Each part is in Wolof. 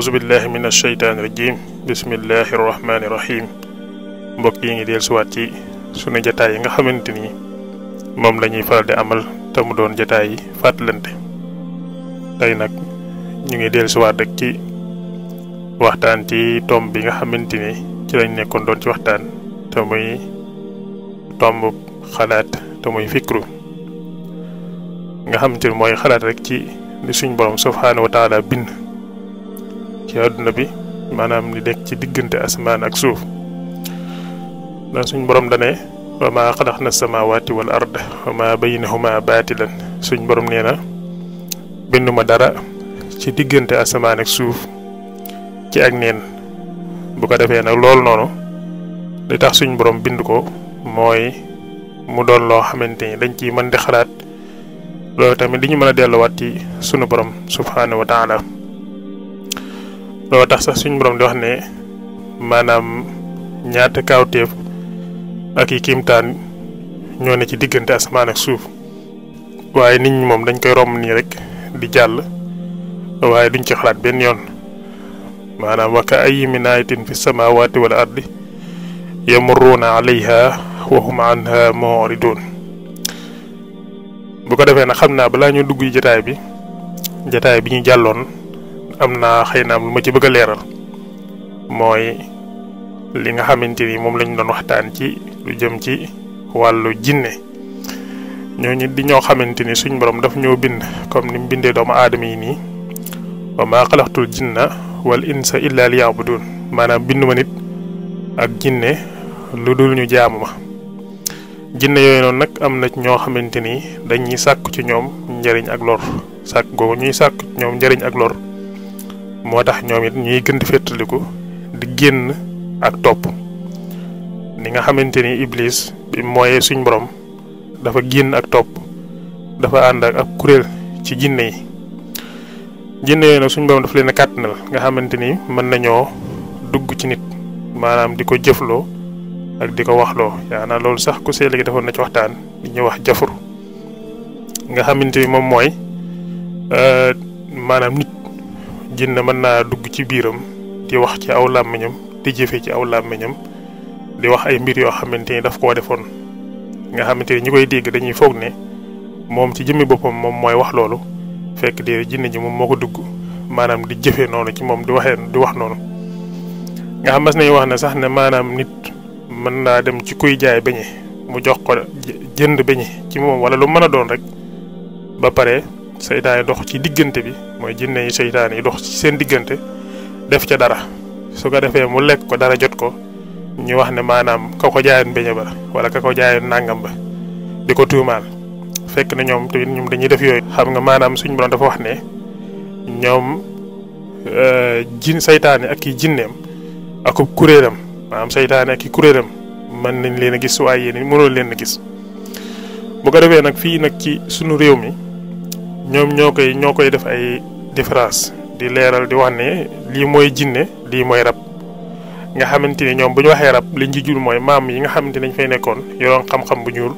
auzu billahi min asheytaani rajim bismillahi rahmaani rahim mbokk yi ngi del suwaat ci sunu jataay yi nga xamante ni moom lañuy ñuy faral di amal te mu doon jataay yi fàttalante tey nag ñu ngi del suwaat rek ci waxtaan ci tomb bi nga xamante ni ci lañ nekkoon doon ci waxtaan te muy tomb xalaat te muy fikru nga xamante ni mooy xalaat rek ci li suñ borom subhaanahu wa taala bind ci àdduna bi maanaam li nekk ci diggante asamaan ak suuf ndax suñ borom dane wa maa xalax na samaawaati wal ard wa maa baati baatilan suñ borom nee na binduma dara ci diggante asamaan ak suuf ci ak neen bu ko defee nag loolu noonu li tax suñ borom bind ko mooy mu doon loo xamante ni dañ ci mën di xalaat loolu tamit li ñu mën a delluwaat ci sunu borom subhaanahu wa loo tax sax suñu borom di wax ne maanaam ñaata kaawteef ak yi kiimtaan ñoo ne ci diggante asamaan ak suuf waaye nit ñi moom dañ koy romb nii rek di jàll waaye duñ ci xalaat benn yoon maanaam wa ka ayyi min aayatin fi samaawaati wal ardi yamurruuna alayha wa hum anha mu'ridun bu ko defee nag xam naa balaa ñu dugg jataay bi jataay bi ñu jàlloon am naa xëy na am lu ma ci bëgg a leeral mooy li nga xamante ni moom lañ doon waxtaan ci lu jëm ci wàllu jinne ñooñu di ñoo xamante ni suñ borom daf ñoo bind comme ni mu bindee doomu aadama yi nii wa maa xalaxtul jinna wal insa illa liyabudun maanaam bindu ma nit ak jinne lu dul ñu jaamu ma jinne yooyu noonu nag am na ñoo xamante ni dañuy sàkk ci ñoom njëriñ ak lor sàkk googu ñuy sàkk ci ñoom njëriñ ak lor moo tax ñoom it ñuy gën di féetaliku di génn ak topp ni nga xamante ni iblis bi mooyee suñ boroom dafa génn ak topp dafa ànd ak ab kuréel ci jinne yi jinne yooyu nag suñ borom dafa leen a kàttanal nga xamante ni mën nañoo dugg ci nit maanaam di ko jëfloo ak di ko waxloo yaa naa loolu sax ku see léegi defoon na ci waxtaan di ñuy wax jafur nga xamante ni moom mooy euh, maanaam nit jinne mën naa dugg ci biiram di wax ci aw làmmiñam di jëfe ci aw làmmiñam di wax ay mbir yoo xamante ni daf koo defoon nga xamante ni ñi koy dégg dañuy foog ne moom ci jëmmi boppam moom mooy wax loolu fekk dee jinne ji moom moo ko dugg maanaam di jëfe noonu ci moom di waxee di wax noonu nga xam mas nañu wax ne sax ne maanaam nit mën naa dem ci kuy jaay beñe mu jox ko jënd beñe ci moom wala lu mën a doon rek ba pare seytaane dox ci diggante bi mooy jinne yi seytaane yi dox seen diggante def ca dara su ko defee mu lekk ko dara jot ko ñu wax ne maanaam ka ko jaayoon mbeñe ba wala ka ko jaayoon nangam ba di ko tuumaal fekk na ñoom tamit ñoom dañuy def yooyu. xam nga maanaam suñu borom dafa wax ne ñoom euh, jin seytaane ak ki jinneem akub kuréelam maanaam seytaane ak i kuréelam mën nañ leen a gis waaye yéen mënoo leen gis bu ko defee nag fii nag ci sunu réew mi. ñoom ñoo koy ñoo koy def ay différence di leeral di wax ne lii mooy jinne lii mooy rab nga xamante ni ñoom bu ñu waxee rab liñ ci jur mooy maam yi nga xamante nañ fay nekkoon yoroon xam bu ñuul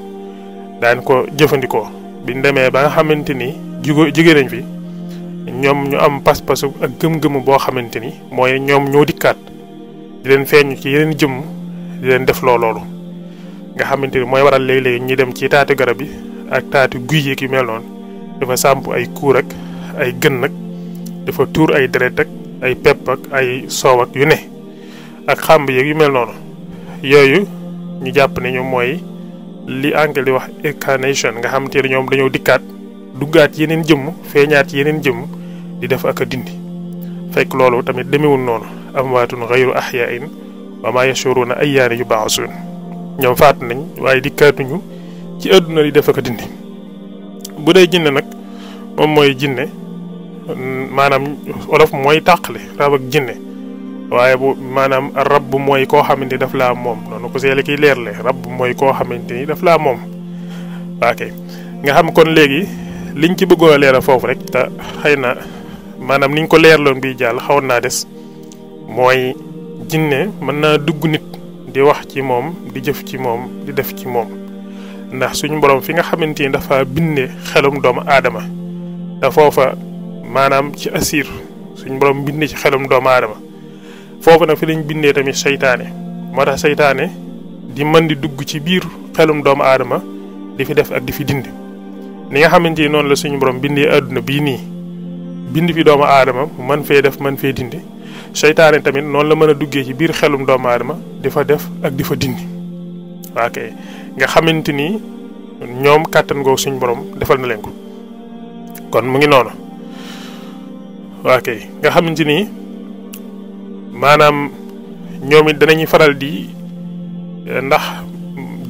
daan ko jëfandikoo biñ demee ba nga xamante ni jugo jigéen nañ fi ñoom am pas ak gëm-gëmu boo xamante ni mooy ñoom ñoo dikkaat di leen feeñu ci yeneen jëm di leen def loo loolu nga xamante ni mooy waral léegi-léegi ñi dem ci taati garab yi ak taatu guy ki yu mel noonu dafa sàmp ay kuur ak ay gën nag dafa tuur ay deret ak ay pepp ak ay soow ak yu ne ak xàmb yeek yu mel noonu yooyu ñu jàpp ne ñoom mooy li anglais di wax incarnation nga xam te ne dañu dañoo dikkaat duggaat yeneen jëmm feeñaat yeneen jëmm di def ak a dindi fekk loolu tamit demewul noonu amwaatun xayru axyain wa maa yashuruuna ayyaana yu baaxasuun ñoom faatu nañ waaye dikkaatuñu ci àdduna di def ak a dindi bu dee jinne nag moom mooy jinne maanaam olof mooy tàqale rab ak jinne waaye bu maanaam rab bu mooy koo xamante ni daf la moom noonu ko seele kiy leerle rab bu mooy koo xamante ni daf laa moom ok nga xam kon léegi liñ ci bëggoo a foofu rek te xëy na maanaam niñ ko leerloon bi jàll xawoon naa des mooy jinne mën naa dugg nit di wax ci moom di jëf ci moom di def ci moom ndax suñu boroom fi nga xamante ni dafa binde xelum doomu aadama te foofa maanaam ci asir suñu borom binde ci xelum doomu aadama foofu nag fi lañ bindee tamit seytaane moo tax seytaane di mën di dugg ci biir xelum doomu aadama di fi def ak di fi dindi ni nga xamante noonu la suñu borom bindee àdduna bii nii bind fi doomu aadama mën fee def mën fee dindi seytaane tamit noonu la mën a duggee ci biir xelum doomu aadama di fa def ak di fa dindi waa kay nga xamanteni ñom katan go suñ borom defal na len ko kon mu ngi non waa kay nga xamanteni manam maanaam ñoom it faral di eh, ndax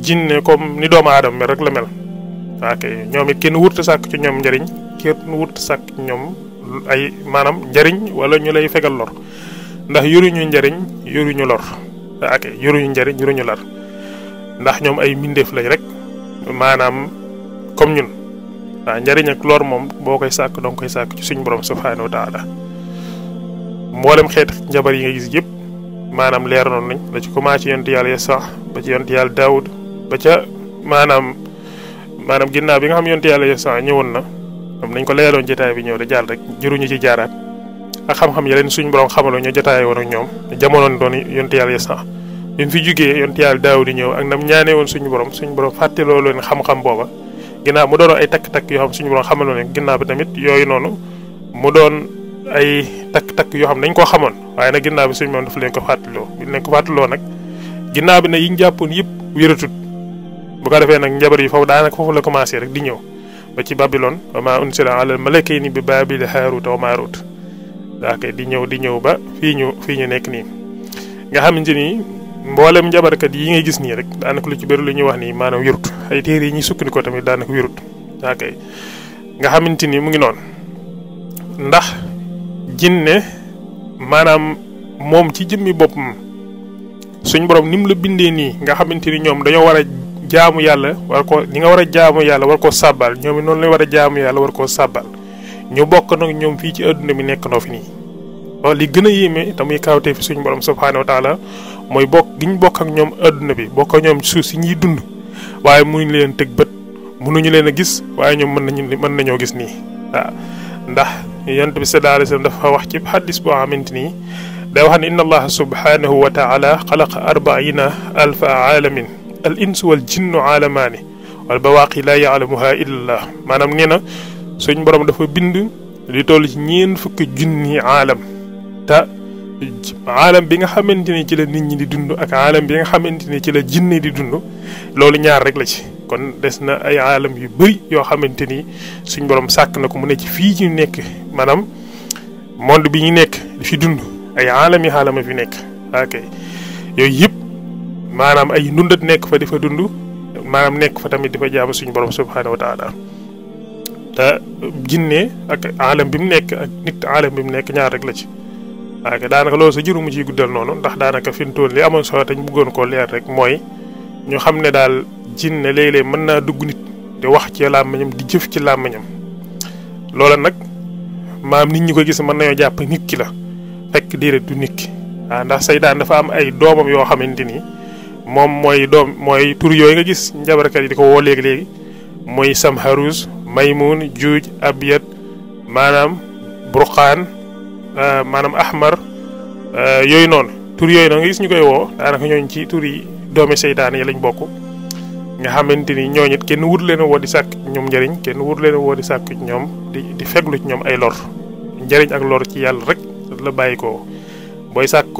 jinne comme ni doom adam rek la mel waa kay it kenn wurta sak ci ñom njariñ kenn wurta sak ñom ay manam njariñ wala ñu lay fegal lor ndax yoruñu njariñ ñu lor waa kay yoruñu njariñ ñu lor ndax ñoom ay mbindeef lañ rek maanaam comme ñun waaw njariñ ak lor moom boo koy sàkk dong koy sàkk ci suñu borom subhaanahu wa taala mboolem xeet njabar yi nga gis yëpp maanaam leeraloon nañ la ci commencé yonent yàlla ba ci yonent yàlla ba ca maanaam maanaam ginnaaw bi nga xam yonent yàlla ya sax ñëwoon na am nañ ko leeraloon jotaay bi ñëw da jàll rek jëruñu ci jaaraat a xam-xam ya leen suñu borom xamaloo ñu jotaay woon ak ñoom jamonoon doon yonent yàlla ya sax bi mu fi jugee yonent yàlla daaw di ñëw ak nam ñaanee woon suñu borom suñu borom fàttaloo leen xam-xam booba ginnaaw mu doon ay takk-takk yoo xam suñu borom xamaloo leen ginnaaw bi tamit noonu mu doon ay takk-takk yoo xam dañ koo xamoon waaye nag ginnaaw bi suñu moom daf leen ko fàttaloo bi leen ko fàttaloo nag ginnaaw bi ne yi ñu jàppoon yëpp wératut bu ko defee nag njabar yi foofu daanaka foofu la commencé rek di ñëw ba ci Babylone wa maa unsila alal malakayni bi Baabil Haaruuta wa Maaruut daa koy di ñëw di ñëw ba fii ñu fii ñu nekk nii mboolem njabarkat yi ngay gis nii rek daanaka lu ci bëri lu ñuy wax nii maanaam wérut ay téere yi ñuy sukkandikoo tamit daanaka wérut daa nga xamante ni mu ngi noonu ndax jinne maanaam moom ci jëmmi boppam suñ borom ni mu la bindee nii nga xamante ni ñoom dañoo war a jaamu yàlla war ko ni nga war a jaamu yàlla war koo sàbbaal ñoom it noonu lañ war a jaamu yàlla war koo sàbbaal ñu bokk nag ñoom fii ci adduna bi nekk noo fi nii. waaw li gën a yéeme te muy kawtee fi suñu borom subhaanahu mooy bokk gi ñu bokk ak ñoom adduna bi bokk ak ñoom suuf si ñuy dund waaye mënuñu leen tëg bët mënuñu leen a gis waaye ñoom mën nañu mën nañoo gis nii waaw ndax yonent bi sallallahu alayhi wasallam dafa wax ci xaddis boo xamante nii day wax ne inna allaha subhanahu wa taala xalaqa arbaina alfa aalamin al insu wal jinnu aalamaani wal bawaaqi laa yaalamuha illallah maanaam nee na suñ borom dafa bind li toll ci ñeen fukki junni aalam te alam bi nga xamante ne ci la nit ñi di dund ak alam bi nga xamante ne ci la jinne di dund loolu ñaar rek la ci kon des na ay aalam yu bëri yoo xamante ni suñ borom sàkk na ko mu ne ci fii ñu nekk maanaam monde bi ñu nekk fi dund ay aalam yi aalama nekk ok yëpp maanaam ay ndundat nekk fa di dund maanaam nekk fa tamit di fa jaamu suñu borom subhaanahu wa taala jinne ak aalam bi mu nekk ak nit aalam bi mu nekk ñaar rek la ci waaye que daanaka loolu sa juróomu ciy guddal noonu ndax daanaka fi mu toll li amoon solo tañ ñu bëggoon koo leer rek mooy ñu xam ne daal jinne léeg-léeg mën naa dugg nit di wax ci làmmiñam di jëf ci làmmiñam loola nag maam nit ñu ko gis mën nañoo jàpp nit ki la fekk déedéet du nit ki waaw ndax saytaan dafa am ay doomam yoo xamante ni moom mooy doom mooy tur yooyu nga gis njabarkat yi di ko woo léegi léegi muy Samharus Maymun Juuj Abiyat maanaam Burqaan. Euh, maanaam ahmar euh, yooyu noonu tur yooyu noonu nga gis ñu koy woo daanaka ñooñ ci tur yi doomi seytaane yi lañ bokk nga xamante ni ñooñu it kenn wut leen woo di sàkk ñoom njëriñ kenn wut leen woo di sàkk ñoom di di feglu ñoom ay lor njëriñ ak lor ci yàlla rek la bàyyi ko booy sàkk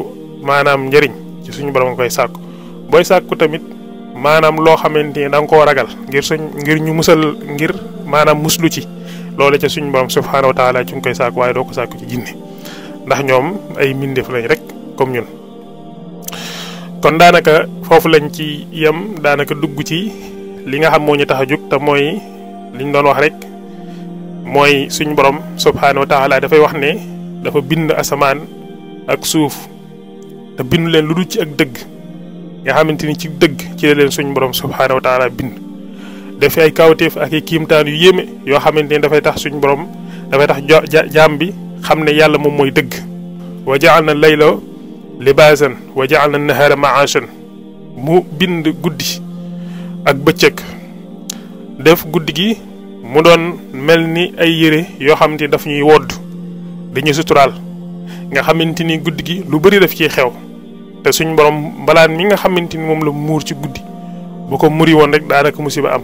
maanaam njëriñ ci suñu borom nga koy sàkk booy sàkku tamit maanaam loo xamante ni da koo ragal ngir suñ ngir ñu musal ngir maanaam muslu ci loolu ca suñu borom subhaanahu wa taala ci nga koy sàkk waay doo ko sàkk ci jinne ndax ñoom ay mbindeef lañ rek comme ñun kon daanaka foofu lañ ci yem daanaka dugg ci li nga xam moo ñu tax a jóg te mooy liñ doon wax rek mooy suñu borom subhaanahu wa taala dafay wax ne dafa bind asamaan ak suuf te bind leen lu dul ci ak dëgg nga xamante ni ci dëgg ci la leen suñu borom subhaanahu wa taala bind dafay ay kawteef ak i kiimtaan yu yéeme yoo xamante ni dafay tax suñu borom dafay tax jaam bi xam ne yàlla moom mooy dëgg wa jaal na layla libaasan wa jaal na nahaara maashan mu bind guddi ak bëccëg def guddi gi mu doon mel ay yére yoo xam daf ñuy wodd dañuy suturaal nga xamanteni guddi gi lu bari daf ci xew te suñ borom balaan mi nga xamanteni mom la mur ci guddi bu ko muri won rek da naka musiba am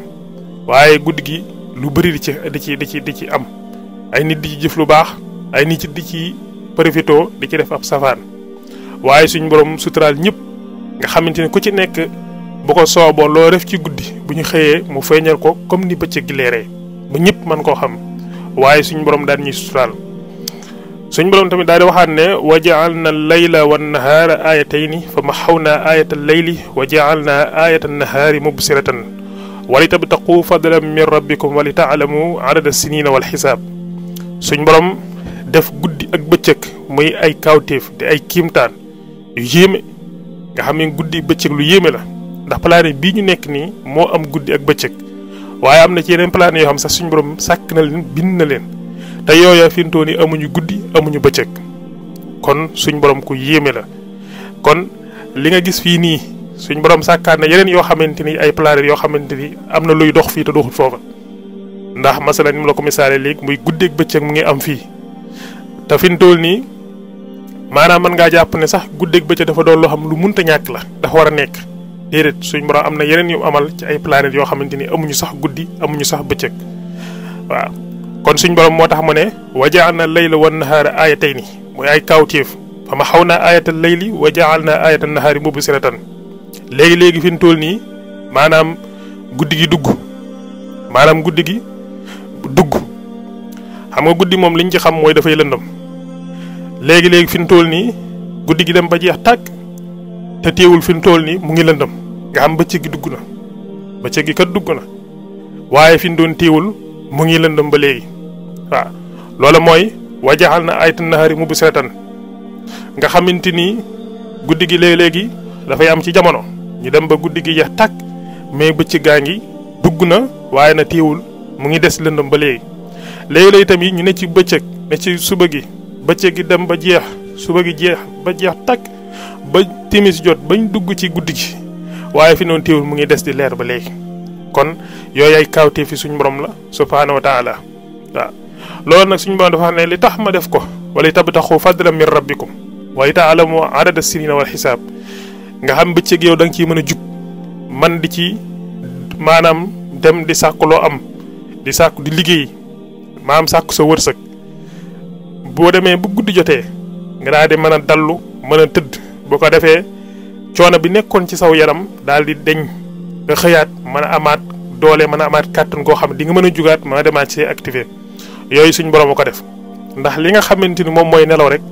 waye guddi gi lu bari di ci di ci di ci am ay nit di jëf lu bax ay nit di ci profito di ci def ab safaan waaye suñ borom suturaal ñëpp nga xamante ni ku ci nekk bu ko sooboo loo def ci guddi bu ñu xëyee mu feeñal ko comme ni bëccëg gi leeree ba ñëpp mën koo xam waaye suñ borom daan ñuy suturaal suñ borom tamit daal di waxaat ne wa jaalna layla wan nahaara aayatayni fa maxawnaa aayata layli wa jaalnaa aayata nahaari mubsiratan wali tabtaqu fadlan min rabbikum wali taalamu adada sinina wal xisaab suñ def guddi ak bëccëg muy ay kawtéef di ay kiimtaan yu yéeme nga xam ne guddi bëccëg lu yéeme la ndax planète bii ñu nekk nii moo am guddi ak bëccëg waaye am na ci yeneen planètes yoo xam sax suñu borom sàkk na leen bind na leen te yooya fi mu toll nii amuñu guddi amuñu bëccëg kon suñu borom ku yéeme kon li nga gis fii nii suñu borom sàkkaat yeneen yoo xamante ni ay planètes yoo xamante ni am na luy dox fii te doxul foofa ndax masalan ni mu la ko misaalee léegi muy guddeeg bëccëg mu ngi am fii. te fi tol ni manam man nga japp ne sax lumun bëccëg dafa do lo xam lu munta ñak la dafa wara nek nekk suñu suñ borom am yeneen yu amal ci ay planète yo xamanteni amuñu sax guddi amuñu sax bëccëg wa kon suñu borom motax mo mu ne na layla wan nahara aayatayni moy ay kawtif fa ma xaw layli wa jaal naa aayatal mubsiratan léegi-léegi fi tol ni manam maanaam guddi gi dugg manam guddi dugg xam nga guddi mom liñ ci xam dafay lendum léegi léegi fi mu toll nii guddi gi dem ba jeex tàkk te teewul fi mu toll nii mu ngi lëndëm nga am bëccëg gi dugg na bëccëg gi kat dugg na waaye fi mu doon teewul mu ngi lëndëm ba léegi waaw loola mooy wajaxal na ay naxari mu bu seetaan nga xamante ni guddi gi léeg-léegi dafay am ci jamono ñu dem ba guddi gi jeex tàkk mais bëccëg gaa ngi dugg na waaye na teewul mu ngi des lëndëm ba léegi léegi lay tamit ñu ne ci bëccëg ne ci suba gi. ci gi dem ba jeex suba gi jeex ba jeex tak ba timis jot bañ dugg ci guddi ji waaye fi non teewul mu ngi dess di leer ba legi kon yoy ay kawte fi suñu borom la subhanahu wa taala wa loolu nak suñu borom dafa ne li tax ma def ko wali tabtaxu fadlan min rabbikum waaye taalamu adada sinina wal hisab nga xam yow man di ci manam dem di sakku lo am di sakku di liggey maam sakku sa boo demee bu gudd jotee nga daal di mën a dallu mën a tëdd boo ko defee coono bi nekkoon ci saw yaram daal di deñ nga xëyaat mën a amaat doole mën a amaat kàttan goo xam di nga mën a jugaat mën a demaat ci activé yooyu suñ borom ko def ndax li nga xamante ni moom mooy nelaw rek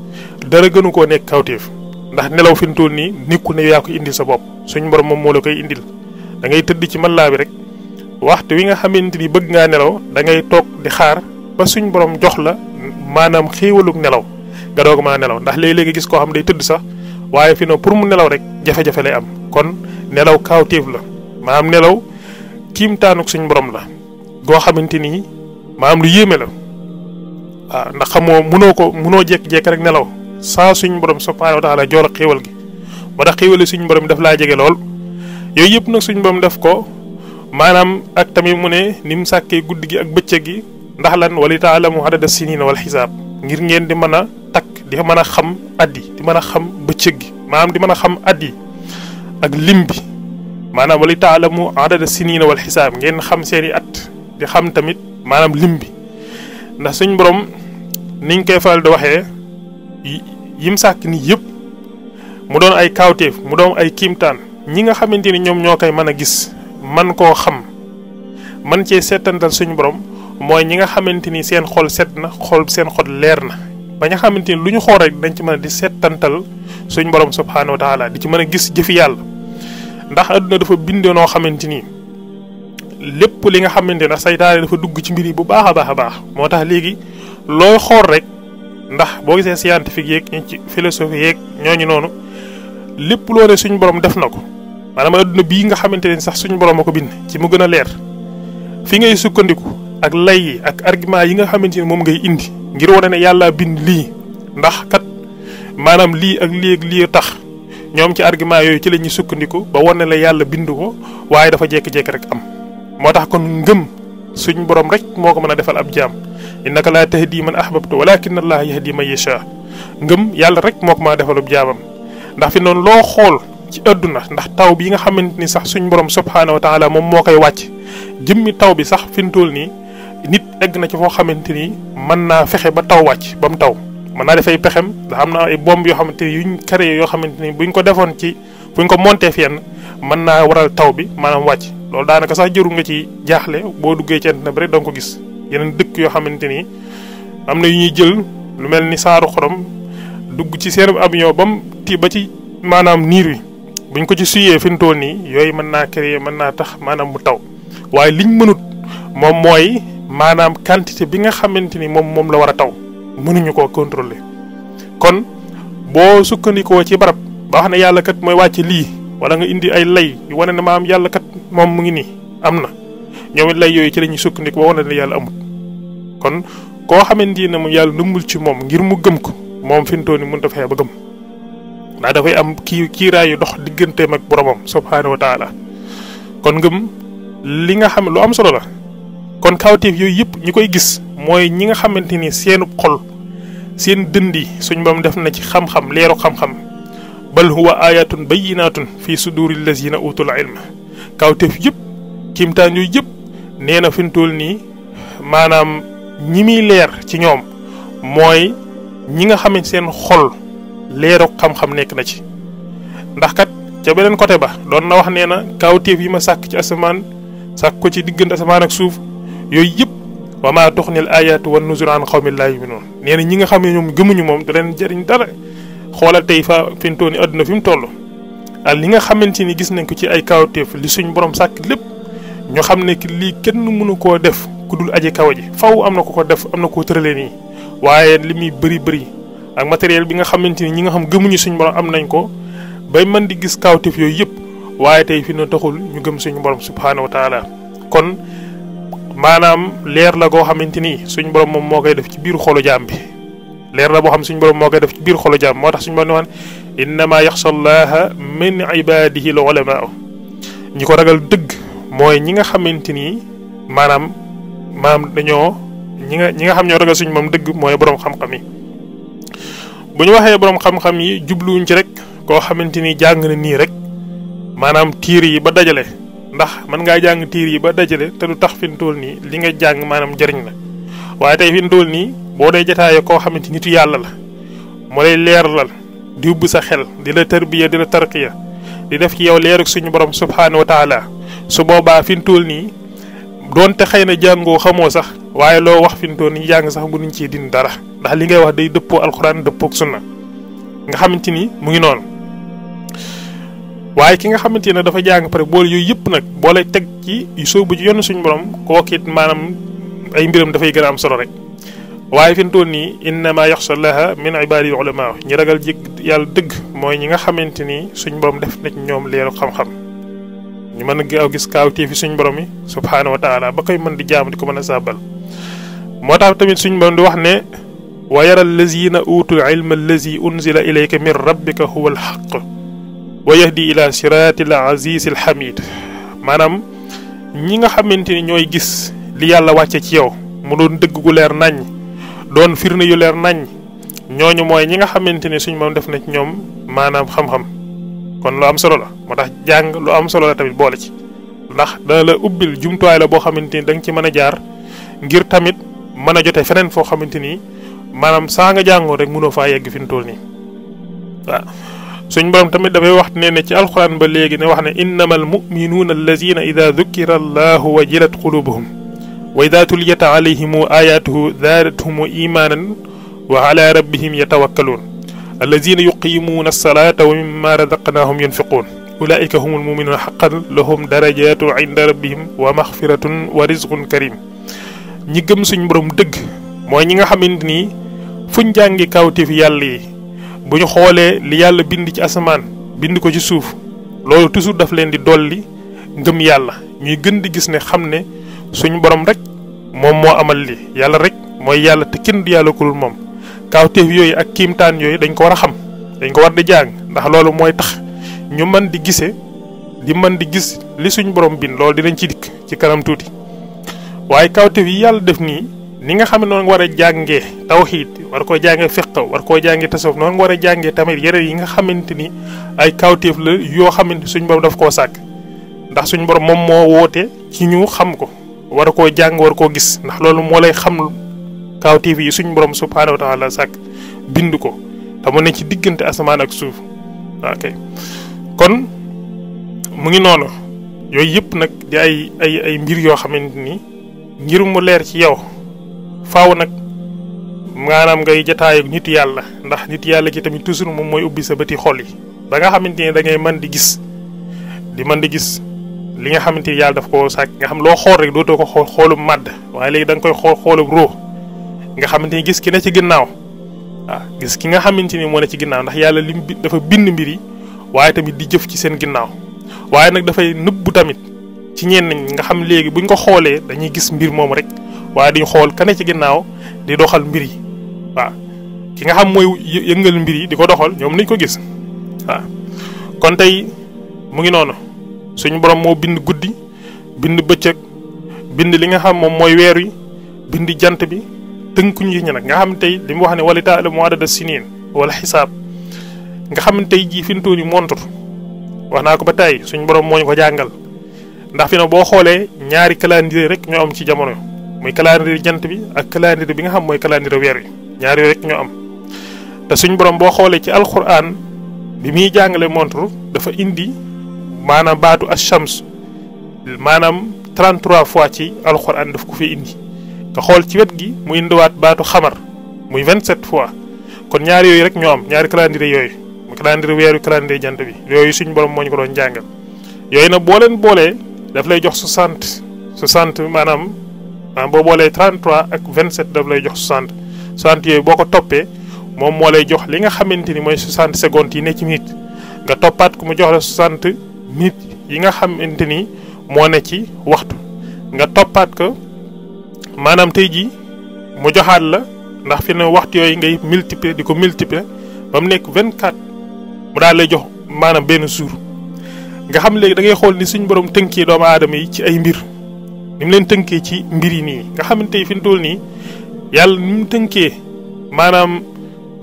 dara gënu koo nekk kawtéef ndax nelaw fi nikku ne yaa ko indi sa bopp suñ borom moom moo la koy indil da ngay tëdd ci mallaa bi rek waxtu wi nga xamante ni bëgg ngaa nelaw da ngay toog di xaar ba suñ borom jox la maanaam xéewalug nelaw nga doog maa nelaw ndax léeg-léeg gis koo xam day tëdd sax waaye fi no pour mu nelaw rek jafe lay am kon nelaw kaawteef la maanaam nelaw kiimtaanuk suñ borom la goo xamante ni maanaam lu yéeme la waaw ah, ndax xamoo mënoo ko mënoo jekk rek nelaw saa suñ borom subhaanahu wa taala jool gi ba tax xéewali suñ borom daf laa jege lool yooyu yëpp nag suñ borom def ko maanaam ak tamit mu ne ni mu sàkkee guddi gi ak bëccëg gi ndax lan wali taalamu adada sinina wal xisaab ngir ngeen di mën a takk di mën a xam at yi di mën a xam bëccëg gi maanaam di mën a xam at yi ak lim bi maanaam wali taalamu adada sinina wal xisaab ngeen xam seeni at di xam tamit maanaam lim bi ndax suñ borom niñ koy faral di waxee yim sàkk ni yëpp mu doon ay kaawteef mu doon ay kiimtaan ñi nga xamante ni ñoom ñoo koy mën a gis man koo xam man cee seetantal suñu borom mooy ñi nga xamante ni seen xol set na xol seen xol leer na ba nga xamante ni lu ñu xool rek dañ ci mën a di setantal suñ borom subhaanahu wa taala di ci mën a gis jëfi yàlla ndax adduna dafa bindee noo xamante ni lépp li nga xamante ne saytaane dafa dugg ci mbir yi bu baax a baax a baax moo tax léegi looy xool rek ndax boo gisee scientifique yeeg ñu ci philosophie yeeg ñooñu noonu lépp loo ne suñu borom def na ko maanaam adduna bii nga xamante ne sax suñu borom a ko bind ci mu gën a leer fi ngay sukkandiku. ak lay ak argument yi nga xamante ni moom ngay indi ngir wane ne yàlla bind lii ndax kat maanaam lii ak lii ak lii tax ñoom ci argument yooyu ci lañuy sukkandiku ba wane la yàlla bind ko waaye dafa jékki-jékki rek am moo tax kon ngëm suñ borom rek moo ko mën a defal ab jaam naka laa tahdi man ahbabta walakin allah di man yasha ngëm yàlla rek moo ko mën a defal jaamam ndax fi noonu loo xool ci àdduna ndax taw bi yi nga xamante ni sax suñ borom subhaanahu wa taala moom moo koy wàcc jëmmi taw bi sax fi mu toll nii nit egg na ci foo xamante ni mën naa fexe ba taw wàcc ba mu taw mën naa def ay pexem ndax am na ay bomb yoo xamante ni yuñ créé yoo xamante ni buñ ko defoon ci buñ ko monté fi yenn mën naa waral taw bi maanaam wàcc loolu daanaka sax jëru nga ci jaaxle boo duggee ci internet bi rek da ko gis yeneen dëkk yoo xamante ni am na yu ñuy jël lu mel ni saaru xorom dugg ci seen avion ba mu ti ba ci maanaam niir wi buñ ko ci suyee fi mu toll nii yooyu mën naa créer mën naa tax maanaam mu taw waaye liñ mënut moom mooy maanaam quantité bi nga xamante ni moom moom la war a taw munuñu koo contrôler kon boo sukkandikoo ci barab ba wax ne yàlla kat mooy wàcc lii wala nga indi ay lay yu wane ne maam yàlla kat moom mu ngi nii am na ñoom it lay yooyu ci la ñuy sukkandiku ba ne yàlla amut kon koo xamante ne moom yàlla nummul ci moom ngir mu gëm ko moom fi mu toll nii mënut a ba gëm ndax dafay am kii kiiraayu dox digganteem ak boromam subhaanahu wa taala kon ngëm li nga xam lu am solo la. kon kawteef yooyu yëpp ñi koy gis mooy ñi nga xamante ni seenub xol seen dënd yi suñ boom def na ci xam-xam leeru xam-xam bal huwa ayatun bayyinatun fi suduril lazina utul ilma kawteef yëpp kiimtaan yooyu yëpp nee na fi mu toll nii maanaam ñi muy leer ci ñoom mooy ñi nga xamante seen xol leeru xam-xam nekk na ci ndax kat ca beneen côté ba doon na wax nee na kawteef yi ma sàkk ci asamaan sàkk ko ci diggante asamaan ak suuf yooyu yëpp wa maa tuxnil ayatu wan nuzur an xawmin laa yuminuun nee na ñi nga xam ne ñoom gëmuñu moom da leen jëriñ dara xoolal tey fa fi mu toll nii àdduna fi mu toll ak li nga xamante ni gis nañ ko ci ay kawteef li suñ borom sàkk lépp ñu xam ne ki lii kenn mënu koo def ku dul aji kaw yi faw am na ko ko def am na koo tëralee nii waaye li muy bëri bëri ak matériel bi nga xamante ni ñi nga xam gëmuñu suñ borom am nañ ko bay mën di gis kawteef yooyu yëpp waaye tey fi na taxul ñu gëm suñu borom subhaanahu wa taala kon maanaam leer la goo xamante ni suñ borom moom moo koy def ci biir xolu jaam bi leer la boo xam suñ borom moo koy def ci biir xolu jaam moo tax suñ borom ne woon innama yaxsha allaha min ibadihi l ulama ñi ko ragal dëgg mooy ñi nga xamante ni maanaam maanaam dañoo ñi nga ñi nga xam ñoo ragal suñ moom dëgg mooy borom xam-xam yi bu ñu waxee borom xam-xam yi jubluwuñ ci rek koo xamante ni jàng na nii rek maanaam tiir yi ba dajale. ndax man nga jang tiir yi ba dajale te du tax fi mu ni li nga jang manam jëriñ la waye tay fi mu ni bo day jotaay ko xamanteni nitu yalla la mo lay leerlal di ubb sa xel di la tarbiya di la tarqiya di def ci yow leerug suñu borom subhanahu wa taala su boba fi mu ni don te xeyna na xamo sax waye lo wax fi mu ni jang sax mënuñ ci din dara ndax li ngay wax day deppo alquran deppo sunna nga xamanteni mu ngi non waaye ki nga xamante ne dafa jàng pare boole yooyu yëpp nag boole teg ci sóobu ci yoonu suñu borom kooku it maanaam ay mbiram dafay gën a am solo rek. waaye fi mu toll nii innama yaxsa laha min ibaadi ulama ñi ragal jig yàlla dëgg mooy ñi nga xamante ni suñ borom def ñoom leeru xam-xam ñu mën a gis kaawtee fi suñ borom yi subhaanahu wa taala ba koy mën di jaam ko mën a sàbbal moo tax tamit suñ borom di wax ne wa yara allazina utul ilma allazi unzila ilayka min rabbika huwa alxaq di yahdi ila siraatil aziizil hamiid maanaam ñi nga xamante ni ñooy gis li yàlla wàcce ci yow mu doon dëgg leer nañ doon firnde yu leer nañ ñooñu mooy ñi nga xamante ni suñu moom def na ci ñoom maanaam xam-xam kon lu am solo la moo tax jàng lu am solo la tamit boole ci ndax dana la ubbil jumtuwaay la boo xamante ni da nga ci mën a jaar ngir tamit mën a jote feneen foo xamante ni maanaam saa nga jàngoo rek mënoo faa yegg fi mu toll nii waaw suñ borom tamit dafay wax ne ne ci alquran ba léegi ne wax ne innamal muminuuna allazina ida dukira allahu wajilat qulubuhum wa ida tuliyat alayhim ayatuhu zaadathum imanan wa ala rabbihim yatawakkaluun allazina yuqimuuna alsalata wa mimma razaqnahum yunfiquun ulaika humul muminuuna xaqan lahum darajatu inda rabbihim wa maxfiratun wa rizqun karim ñi gëm suñ borom dëgg mooy ñi nga xamante ni fuñ jàngi kawtif yàlla yi bu ñu xoolee li yàlla bind ci asamaan bind ko ci suuf loolu toujours daf leen di dolli ngëm yàlla ñuy gën di gis ne xam ne suñu borom rek moom moo amal li yàlla rek mooy yàlla te kenn du yàlla ku moom kaawteef yooyu ak kiimtaan yooyu dañ ko war a xam dañ ko war di jàng ndax loolu mooy tax ñu mën di gisee di mën di gis li suñu borom bind loolu dinañ ci dikk ci kanam tuuti waaye kaawteef yi yàlla def nii ni nga xam ne noonu nga war a jàngee tawxiid war koo jàngee fiq war koo jàngee tasawuf noonu nga war a jàngee tamit yeneen yi nga xamante ni ay kawtéef la yoo xamante suñ borom daf koo sàkk ndax suñ boroom moom moo woote ci ñu xam ko war koo jàng war koo gis ndax loolu moo lay xam kawtéef yi suñ borom subhaanahu wa taala sàkk bind ko te mu ci diggante asamaan ak suuf ok kon mu ngi noonu yooyu yëpp nag di ay ay ay mbir yoo xamante ni ngir mu leer ci yow. faaw nag maanaam ngay jataay ak nit yàlla ndax nit yàlla ji tamit toujours moom mooy ubbi sa bëti xol yi ba nga xamante ne da ngay mën di gis di mën di gis li nga xamante yàlla daf ko sàkk nga xam loo xool rek dootoo ko xool xoolum màdd waaye léegi da koy xool xoolub roo nga xamante ni gis ki ci ginnaaw waaw ah, gis ki nga xamante ni moo ne ci ginnaaw ndax yàlla lim bi dafa bind mbir yi waaye tamit di jëf ci seen ginnaaw waaye nag dafay bu tamit ci ñenn ñi nga xam léegi bu ñu ko xoolee dañuy gis mbir moom rek waa di xool kenee ci ginnaaw di doxal mbir yi waaw ki nga xam mooy yëngal mbir yi di ko doxal ñoom nañ ko gis waaw kon tey mu ngi noonu suñu borom moo bind guddi bind bëccëg bind li nga xam moom mooy weer yi bind jant bi tënkuñu yi ñu nag nga xam tey li mu wax ne wala taala mu adada sinin wala xisaab nga xam ne tey jii fi mu toll nii wax naa ko ba tey suñu borom moo ñu ko jàngal ndax fi na boo xoolee ñaari calendrier rek ñoo am ci jamono. moy calendrier jant bi ak calendrier bi nga xam moy calendrier wer ñaar yoy rek ñu am te suñu borom bo xolé ci alquran bi mi jangale montre dafa indi manam batu ash-shams manam 33 fois ci alquran daf ko fi indi nga xol ci wet gi mu wat batu khamar muy 27 fois kon ñaar yoy rek ñu am ñaar calendrier yoy mu calendrier weru calendrier jant bi yoy suñu borom moñ ko doon jangal yoy na bo len bolé daf lay jox 60 60 manam maanaam boo boolee 33 ak vingt 27 daf lay jox 60 60 yooyu boo ko toppee moom moo lay jox li nga xamante ni mooy 60 secondes yi ne ci minute nga toppaat ko mu jox la 60 minutes yi nga xamante ni moo ne ci waxtu nga toppaat ko maanaam tey jii mu joxaat la ndax fi ne waxtu yooyu ngay multiplier di ko multiplier ba mu vingt 24 mu daal lay jox maanaam benn jour nga xam léegi da ngay xool ni suñ borom tënkee doomu aadama yi ci ay mbir. ni mu leen tënkee ci mbir yi nii nga xamante fi mu toll nii yàlla ni mu tënkee maanaam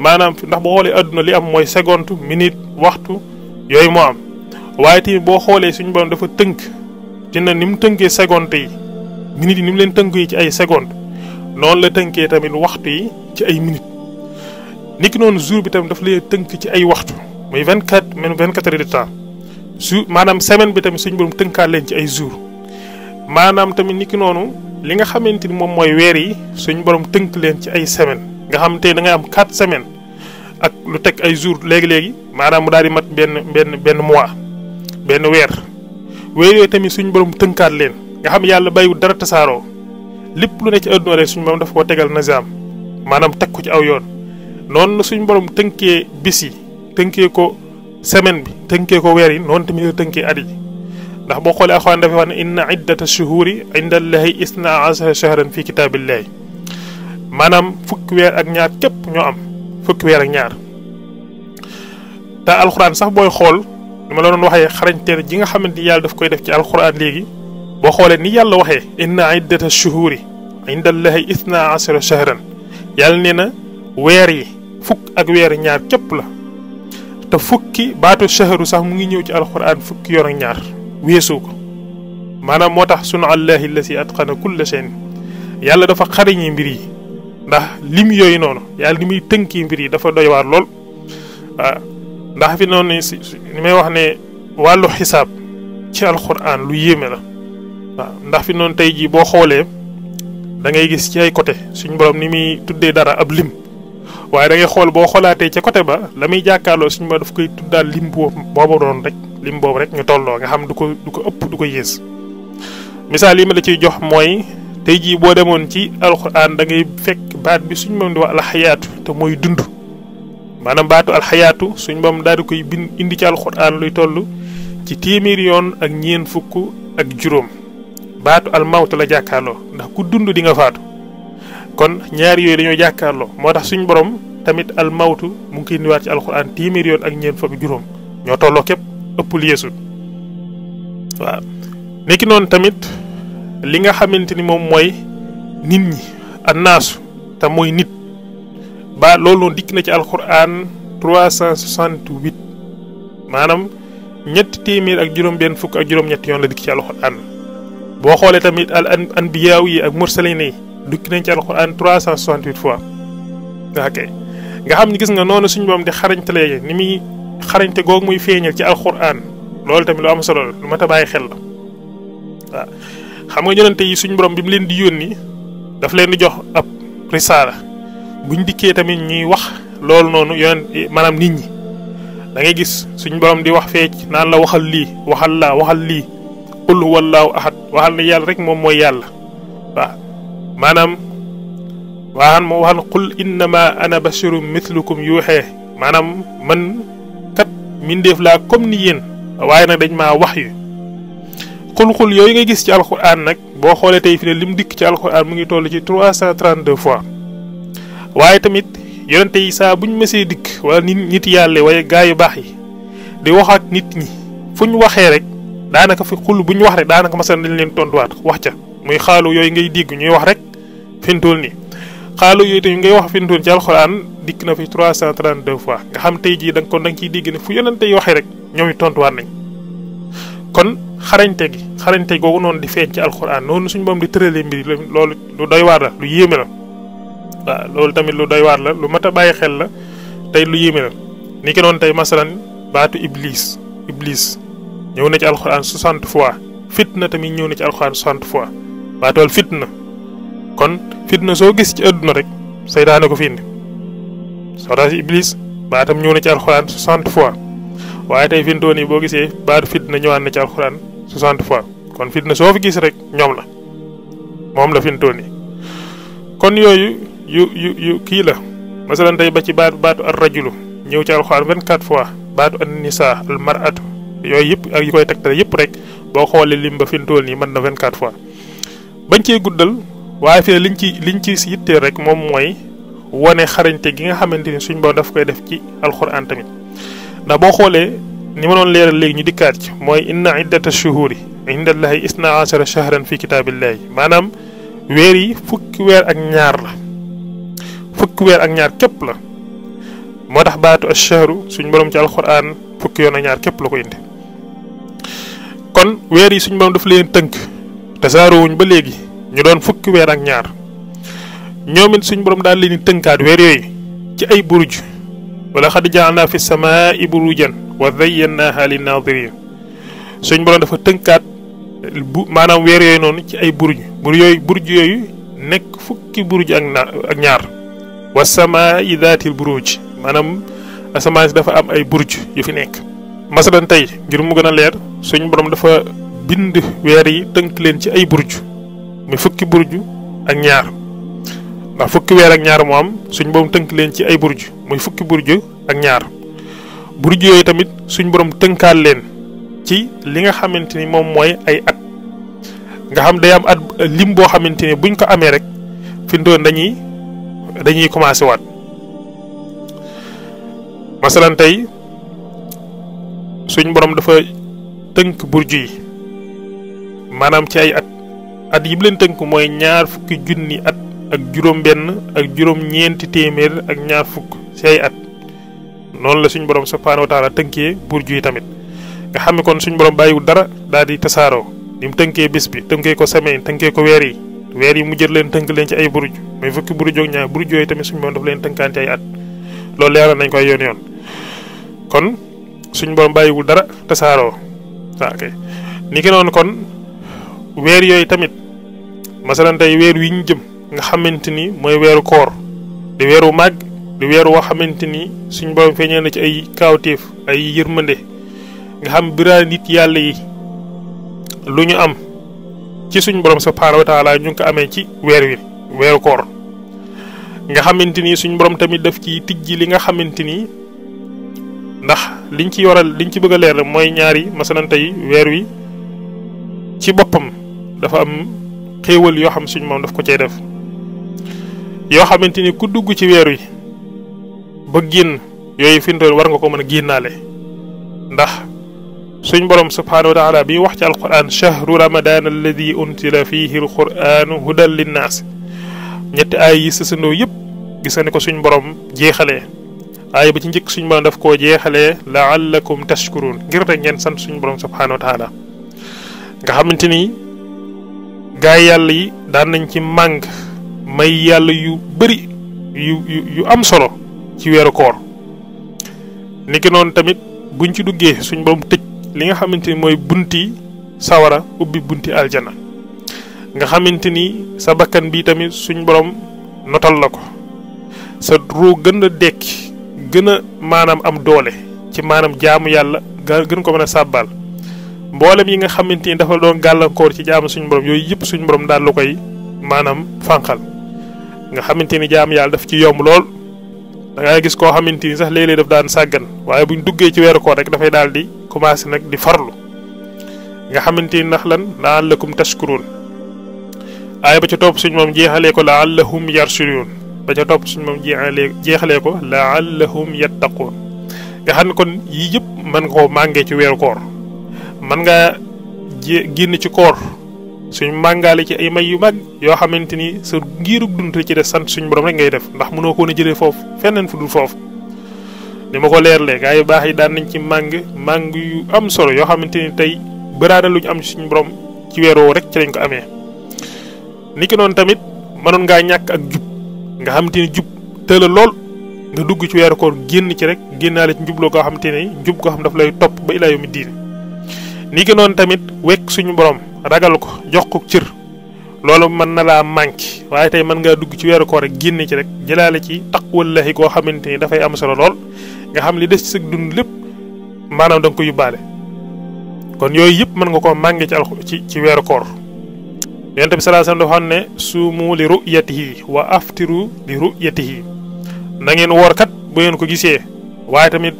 maanaam ndax boo xoolee àdduna li am mooy seconde minute waxtu yooyu moo am waaye tamit boo xoolee suñu borom dafa tënk dina ni mu tënkee seconde yi minute yi ni mu leen tënkee ci ay seconde noonu la tënkee tamit waxtu yi ci ay minute noonu jour bi tamit dafa lay tënk ci ay waxtu muy vingt quatre même vingt quatre heures de temps jour maanaam semaine bi tamit suñ borom tënkaat leen ci ay jour maanaam tamit niki noonu li nga xamante ni moom mooy weer yi suñ borom tënk leen ci ay semaine nga xam tey da ngay am 4 semaine ak lu teg ay jour léegi-léegi maanaam mu daal di mat benn benn benn mois benn weer weer yooyu tamit suñ borom tënkaat leen nga xam yàlla bàyyiwul dara tasaaroo lépp lu ne ci adduna rek suñu borom dafa ko tegal nizaam maanaam teg ko ci aw yoon noonu la suñu borom tënkee bis yi tënkee ko semaine bi tënkee ko weer yi noonu tami tënkee at ndax boo xoolee alxuraan dafa wax ne inna iddata shuhuri inda allahi isna asara shahran fi kitabillahi maanaam fukki weer ak ñaar képp ñoo am fukki weer ak ñaar te alquran sax booy xool ni ma la doon waxee xarañteel ji nga xamante yàlla daf koy def ci alquran léegi boo xoolee ni yàlla waxee inna iddata shuhuri inda allahi isna asara shahran yàlla nee na weer yi fukk ak weer ñaar képp la te fukki baatu shahru sax mu ngi ñëw ci alquran fukki yoon ak ñaar ويسوك مانا موتاح سنع الله الذي أتقن كل شيء يالا دفا خارين يمبري دا لم يوي نون يالا لم يتنك يمبري دفا دوي وار لول دا في نون نمي وحني والو حساب تي القرآن لو يمي دا في نون تيجي بو خولي دا ngay gis ci ay côté suñu borom ni mi tuddé dara ab lim waye da ngay xol bo xolaté ci côté ba lamay jakarlo suñu lim boobu rek ñu tolloo nga xam du ko du ko ëpp du ko yées misaal yi ma la ciy jox mooy tey jii boo demoon ci alxuraan da ngay fekk baat bi suñ moom di wax alxayaatu te mooy dund maanaam baatu alxayaatu suñ moom daal di koy bind indi ci alxuraan luy toll ci téeméeri yoon ak ñeen fukk ak juróom baatu almawt la jàkkaarloo ndax ku dund di nga faatu kon ñaari yooyu dañoo jàkkaarloo moo tax suñ borom tamit almawtu mu ngi koy indiwaat ci alxuraan téeméeri yoon ak ñeen juróom ñoo tolloo képp. ëppul yeesu waaw nekki noonu tamit li nga xamante ni moom mooy nit ñi ak naasu te mooy nit ba loolu dikki na ci alxuraan trois cent soixante-huit maanaam ñetti téeméer ak juróom-benn fukk ak juróom la dikk ci alxuraan boo xoolee tamit al anbiyaaw yi ak mursalin yi dikk nañ ci alxuraan trois cent soixante-huit fois nga xam ni gis nga noonu suñu boom di xarañtalee ni mi xarañte googu muy feeñal ci alquran loolu tamit lu am solo lu mata a bàyyi xel la waaw xam nga ñonante yi suñu borom bi mu leen di yónni daf leen di jox ab risaala buñ dikkee tamit ñuy wax loolu noonu yon maanaam nit ñi da ngay gis suñu borom di wax feec naan la waxal lii waxal laa waxal lii qul wallahu ahad waxal na yàlla rek moom mooy yàlla waaw maanaam waxaan mo waxal qul innama ana basharun mithlukum yuuxee maanaam man mindeef laa comme ni yéen waaye nag dañ maa wax yu xul-xul yooyu nga gis ci alxuraan nag boo xoolee tey fi ne lim dikk ci alxuraan mu ngi toll ci trois cent trente deux fois waaye tamit yonente yi saa buñ mësee dikk wala nit nit yàlla waaye gaa yu baax yi di waxaat nit ñi fu ñu waxee rek daanaka fi xul bu ñu wax rek daanaka masan dañ leen tontuwaat wax ca muy xaalu yooyu ngay dégg ñuy wax rek fi mu toll nii xaalu yooyu tamit ngay wax fi mu ci alxuraan dikk na fi 332 fois nga xam tey jii da kon da nga digg dégg ne fu yonente yi waxee rek ñoom it tontuwaat nañ kon xarañte gi xarañte googu noonu di feeñ ci alxuraan noonu suñu boom di tëralee mbir loolu lu doy waar la lu yéeme la waaw loolu tamit lu doy waar la lu mat a bàyyi xel la tey lu yéeme la ni ki tey masalan baatu iblis iblis ñëw na ci alxuraan 60 fois fitna tamit ñëw na ci alxuraan 60 fois baatuwal fitna. kon fitna soo gis ci àdduna rek seytaane ko fi indi soo si iblis baatam ñëw na ci alxuraan 60 fois waaye tey fintoon yi boo gisee baatu fitna ñëwaat na ci alxuraan 60 fois kon fitna soo fi gis rek ñoom la moom la fintoon yi kon yooyu yu yu yu kii la masalan tey ba ci baatu baatu ar rajulu ñëw ci alxuraan 24 fois baatu an nisaa al maratu yooyu yëpp ak yi koy tegtale yëpp rek boo xoolee lim ba fintoon yi mën na 24 fois bañ cee guddal. waaye fii liñ ci liñ ci yittee rek moom mooy wane xarañte gi nga xamante ni suñ boo daf koy def ci alxuraan tamit ndax boo xoolee ni ma doon leeral léegi ñu dikkaat ci mooy inna iddata shuhuri inda allahi isna achara shahran fi kitaabillahi maanaam weer yi fukki weer ak ñaar la ak ñaar képp la moo tax baatu ashahru suñ borom ci alxuraan fukki yoon ak ñaar képp la ko indi kon weer yi suñ borom daf leen tënk te saarowuñ ba léegi ñu doon fukki weer ak ñaar ñoom it suñu borom daal leen tënkaat weer yooyu ci ay buruj wala xad jaalnaa fi samaa'i burujan wa zayyannaaha linnaaziriin suñu borom dafa tënkaat bu maanaam weer yooyu noonu ci ay buruj buruj yooyu buruj yooyu nekk fukki buruj ak na ak ñaar wa samaa'i zaatil buruj maanaam asamaan si dafa am ay buruj yu fi nekk. masalan tey ngir mu gën a leer suñu borom dafa bind weer yi tënk leen ci ay buruj. muy fukki burju ak ñaar ndax fukki weer ak ñaar moo am suñ borom tënk leen ci ay burju muy fukki burju ak ñaar burju yooyu tamit suñ borom tënkaal leen ci li nga xamante ni moom mooy ay at nga xam day am at lim boo xamante ni buñ ko amee rek fi mu dañuy dañuy commencé waat masalan tey suñ borom dafa tënk burju yi maanaam ci ay at. at yi mu leen tënk mooy ñaar fukki junni at ak juróom-benn ak juróom-ñeenti téeméer ak ñaar fukk ci ay at noonu la suñ borom subhaanahu wa taala tënkee buur ju yi tamit nga xam ne kon suñ borom bàyyiwul dara daal di tasaaroo ni mu tënkee bis bi tënkee ko semaine tënkee ko weer yi weer yi mu jël leen tënk leen ci ay buruj mais fukki buruj ak ñaar buruj yooyu tamit suñu borom daf leen tënkaan at loolu leeral nañ koy yoon yoon kon suñu borom dara tasaaroo weer yooyu tamit. masalan tay weer wi ñu jëm nga xamanteni moy mooy koor di weeru mag di weer woo xamanteni ni suñ borom feñe na ci ay kawtif ay yërmande nga xam biraa nit yalla yi luñu am ci suñ borom subhanahu wa taala ñu ko amé ci weer wi weeru koor nga xamanteni suñ borom tamit daf ci tijji li nga xamanteni ndax liñ ci waral liñ ci bëgg leer moy ñaari masalan tay weer wi ci bopam dafa am xéewal yoo xam suñ moom daf ko cay def yoo xamante ni ku dugg ci weer wi ba génn yooyu fi war nga ko mën a génnaale ndax suñ borom subhaanahu wa taala bi wax ci alquran chahru ramadan alladi untila fihi alquranu hudan linnaas ñetti aay yi sësandoo yëpp gis nga ni ko suñ borom jeexale aay ba ci njëkk suñ borom daf koo jeexalee laallakum tashkurun ngir rek ngeen sant suñ borom subhaanahu wa nga xamante gaa yàlla yi daan nañ ci màng may yàlla yu bari yu yu am solo ci weeru koor niki noonu tamit buñ ci duggee suñ borom tëj li nga xamante ni mooy bunti sawara ubbi bunti aljana nga xamante ni sa bakkan bi tamit suñ borom notal la ko sa ruu gën a dekki gën a maanaam am doole ci maanaam jaamu yàlla gën ko mën a sàbbaal mboolem yi nga xamante ni dafa doon gàllankoor ci jaamu suñ borom yooyu yëpp suñu borom daal lu koy maanaam fànqal nga xamante ni jaam yàlla daf ci yomb lool da ngay gis koo xamante ni sax léeg-léeg daf daan sàggan waaye buñ duggee ci weeru koor rek dafay daal di commencé nag di farlu nga xamante ni ndax lan laan lakum tashkurun aaya ba ca topp suñ moom jeexalee ko laallahum yarshudun ba ca topp suñ moom jeexalee jeexalee ko laallahum yattaqun nga xam ne kon yii yëpp mën koo màngee ci weeru koor mën ngaa génn ci koor suñ màngaale ci ay may yu mag yoo xamante ni sa ngiirug dund ci des sant suñ borom rek ngay def ndax mënoo ko woon a jëlee foofu feneen fu dul foofu. ni ma ko leerlee gaa yu baax yi daan nañ ci màng màng yu am solo yoo xamante ni tey bëraana lu ñu am suñu borom ci weer woowu rek ci lañ ko amee. niki noonu tamit mënoon ngaa ñàkk ak jub nga xam ti ni jub tëla lool nga dugg ci weeru koor génn ci rek génnaale ci njub loo koo xamante ni njub koo xam daf lay topp ba ilaa yawmi diin niki non tamit wek suñu borom ragal ko jox ko ciir lolu man na la manki waye tay man nga dugg ci wéru ko rek genn ci rek jëlaale ci taqwallahi ko xamanteni da fay am solo lol nga xam li dess ci dund lepp manam dang ko yubale kon yoy yip man nga ko mangi ci ci ci wéru koor yonte sallallahu alaihi wasallam ne sumu li ru'yatihi wa aftiru li ru'yatihi na ngeen wor kat bu ngeen ko gisee waye tamit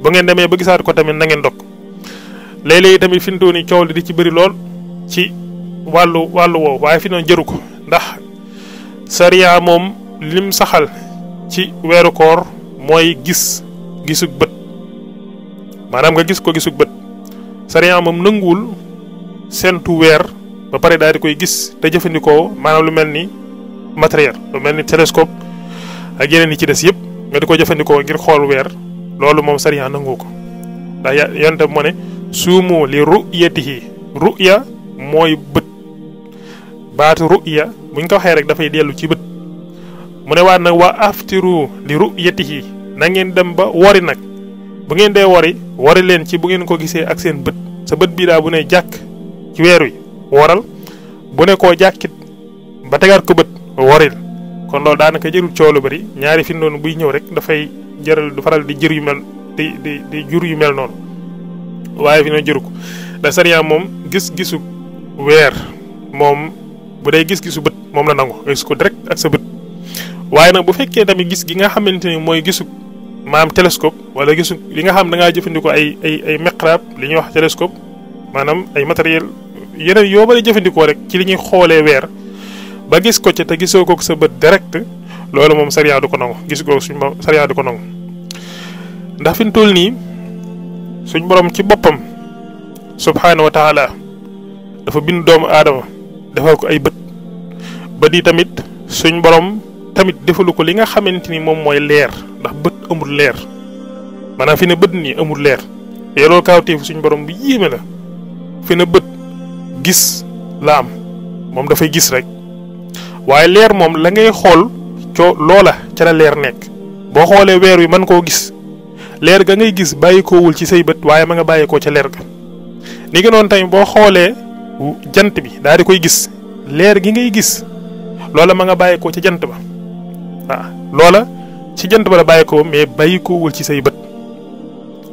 bu ngeen demee ba gisaat ko tamit na ngeen dok Lele léeg tamit fi mu toll di ci bëri lool ci walu walu woowu waaye fi jeruk. Dah, ndax sariya lim saxal ci weeru koor gis gisukbet, bët maanaam nga gis ko gisukbet. saria sariya nungul nanguwul sentu wer ba pare daal koy gis te jëfandikoo maanaam lu mel ni matériel lu mel ni télescope ak yeneen yi ci des nga di ko jëfandikoo ngir xool weer loolu moom sariya nangu ko ndax ya-, yonte moo ne sumu li ru'yatihi ru'ya moy bët baatu ru'ya buñ ko waxe rek fay delu ci bët mune wa nak wa aftiru li ru'yatihi na ngeen dem ba wori nak bu ngeen de wori wori len ci bu ngeen ko gisee ak seen bët sa bët bi da bu ne jak ci wéru woral bu ne ko jakit ba tegaat ko bët woril kon lol da naka ciolu bari ñaari fi non buy ñew rek fay jëral du faral di juru yu mel di di di jur yu mel non waaye fi ne jëru ko da sariya moom gis-gisu weer moom bu day gis-gisu bët moom la nangu gis ko direct ak sa bët waaye nag bu fekkee tamit gis gi nga xamante ni mooy gisu maanaam télescope wala gisu li nga xam da jëfandikoo ay ay ay meqraab li ñuy wax télescope maanaam ay matériel yeneen yoo mën jëfandikoo rek ci li ñuy xoolee weer ba gis ko ca te gisoo kook sa bët direct loolu moom sariya du ko nangu gis ko suñu sariya du ko nangu ndax fi mu toll nii suñ borom ci boppam subhanahu wa taala dafa bind doomu aadama defal ko ay bët ba di tamit suñ borom tamit defalu ko li nga xamante ni moom mooy leer ndax bët amul leer maanaam fi ne bët ni amul leer yeloo kaawteefu suñ borom bu yéeme la fi ne bët gis la am moom dafay gis rek waaye leer moom la ngay xool co loola ca la leer nekk boo xoolee weer wi gis leer ga ngay gis bàyyikoowul ci say bët waaye ma nga bàyyikoo ca leer ga ni nga tamit boo xoolee jant bi daal di koy gis leer gi ngay gis loola ma nga bàyyikoo ca jant ba waaw loola ci jant ba la bàyyikoo mais bàyyikoowul ci say bët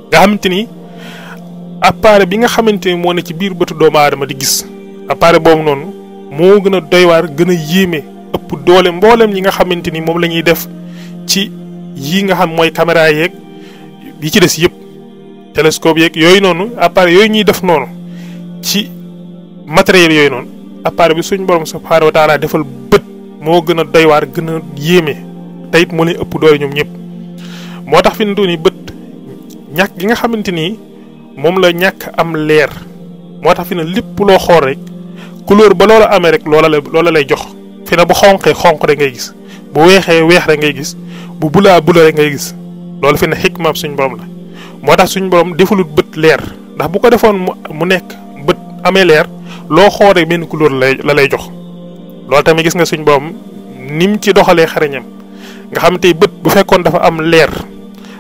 nga xamante ni appareil bi nga xamante ni moo ne ci biir bëtu doomu aadama di gis appareil boobu noonu moo gën a doy gën a yéeme ëpp doole mboolem yi nga xamante ni moom lañuy def ci yi nga xam mooy caméra yéeg yi ci des yëpp télescope yeeg yooyu noonu appareil yooyu ñuy def noonu ci matériel yooyu noonu appareil bi suñ borom subhaanahu wa taala defal bët moo gën a doy gën a yéeme te it moo ëpp doole ñoom ñëpp moo tax fi mu ni bët ñàkk gi nga xamante ni moom la ñàkk am leer moo tax fi ne lépp loo xool rek couleur ba loola amee rek loola lay lay jox. fi ne bu xonqee xonq rek ngay gis bu weexee weex rek ngay gis bu bulaa bula rek ngay gis. loolu fi ne xikmaab suñ borom la moo tax suñ borom defulut bët leer ndax bu ko defoon mu nekk bët amee leer loo xoore benn couleur la lay jox loolu tamit gis nga suñ borom nim ci doxalee xarañam nga xam tey bët bu fekkoon dafa am leer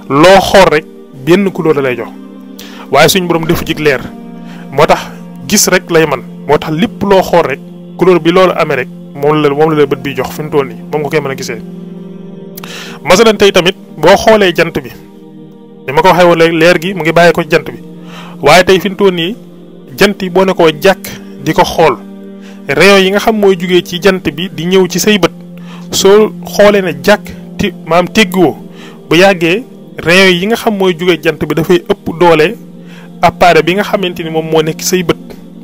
loo xool rek benn couleur la lay jox waaye suñ borom defu jig leer moo tax gis rek lay man moo tax lépp loo xool rek couleur bi loolu amee rek moom la moom la bët bi jox fi mu toll nii moom nga koy mën a gisee masalante tey tamit boo xoolee jant bi ni ma ko waxee woon léegi leer gi mu ngi bàyyi ko jant bi waaye tey fi mu nii jant yi boo ne koo jàkk di ko xool rayon yi nga xam mooy jugee ci jant bi di ñëw ci say bët soo xoolee ne jàkk maam tegguwoo bu yàggee rayon yi nga xam mooy jugee jant bi dafay ëpp doole appareil bi nga xamante ni moom moo nekk say bët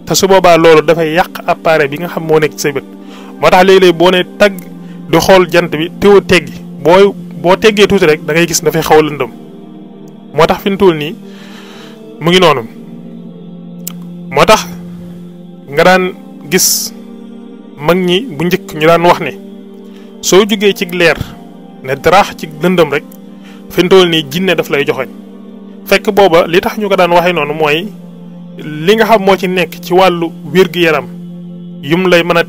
te su boobaa loolu dafay yàq appareil bi nga xam moo nekk say bët moo tax léeg-léeg boo ne tagg di xool jant bi teewoo teggi booy boo teggee tuuti rek dangay ngay gis dafay xaw a lëndëm moo tax fi mu toll nii mu ngi noonu moo tax nga daan gis mag ñi bu njëkk ñu daan wax ne soo jógee ci leer ne daraax ci lëndëm rek fi mu nii jinne daf lay joxe fekk booba li tax ñu ko daan waxee noonu mooy li nga xam moo ci nekk ci wàllu wér gi yaram yum lay mën a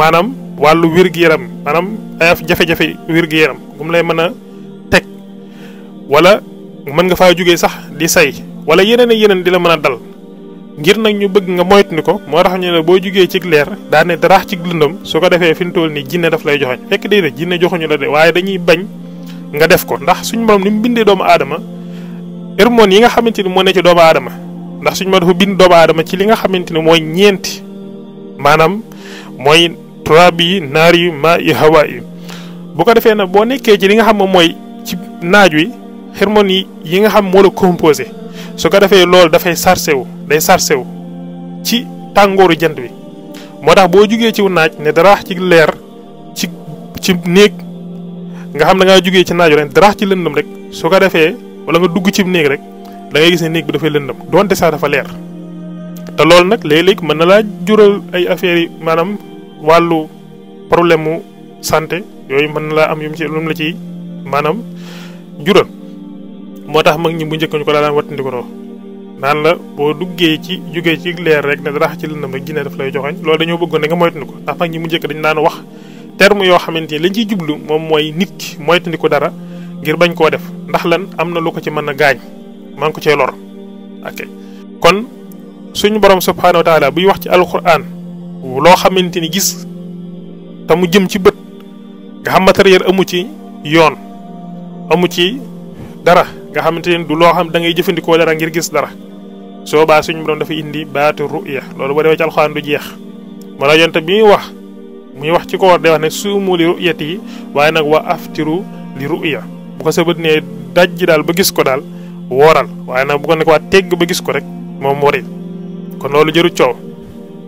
maanaam wàllu wér-gu-yaram maanaam ay jafe-jafe wér-gu-yaram bu lay mën a teg wala mën nga faa jógee sax di say wala yeneen yeneen di la mën a dal ngir nag ñu bëgg nga moytu ni ko moo tax ñu boo jugee cig leer daane daraax ci lëndëm su ko defee fi mu toll nii jinne daf lay joxoñ fekk déedéet jinne joxuñu la de waaye dañuy bañ nga def ko ndax suñu moom ni mu bindee doomu aadama hormone yi nga xamante ni moo ne ci doomu aadama ndax suñu ma dafa bind doomu aadama ci li nga xamante ni mooy ñeenti maanaam mooy turab yi naar yi ma yi hawa yi bu ko defee nag boo nekkee ci li nga xam moom mooy ci naaj wi hormones yi yi nga xam moo la composé su ko defee loolu dafay chargé wu day chargé wu ci tàngooru jant wi moo tax boo jugee ci naaj ne daraax ci leer ci ci néeg nga xam da ngaa ci naaj rek daraax ci lëndëm rek su ko defee wala nga dugg ci néeg rek da ngay gis ne néeg bi dafay lëndëm donte sax dafa leer te loolu nag léeg-léeg mën na laa jural ay affaires yi maanaam wàllu problème mu santé. yooyu mën na laa am yum ci lu mu la ci maanaam jural moo tax mag ñi bu njëkk ñu ko daan wattandikoroo naan la boo duggee ci jugee ci leer rek ne dara ci lëndam rek jinne daf lay joxañ loolu dañoo bëggoon ne nga moytandiku ndax mag ñi bu njëkk dañu daan wax terme yoo xamante ni lañ ciy jublu moom mooy nit ki moytandiku dara ngir bañ koo def ndax lan am na lu ko ci mën a gaañ man ko cee lor ak kon suñu boroom subhaanahu wa taala buy wax ci alquran loo xamante ni gis nga xam matériel amu ci yoon amu ci dara nga xamanteni du lo xam da ngay jëfëndiko dara ngir gis dara so ba suñu borom dafa indi baatu ru'ya lolu bo dewe ci alquran du jeex mo la yonta bi wax muy wax ci ko war de wax ne suumu li ru'yati waye nak wa aftiru li ru'ya bu ko sebeut ne dajji dal ba gis ko dal woral waye nak bu ko nek wa tegg ba gis ko rek mom wori kon lolu jëru ciow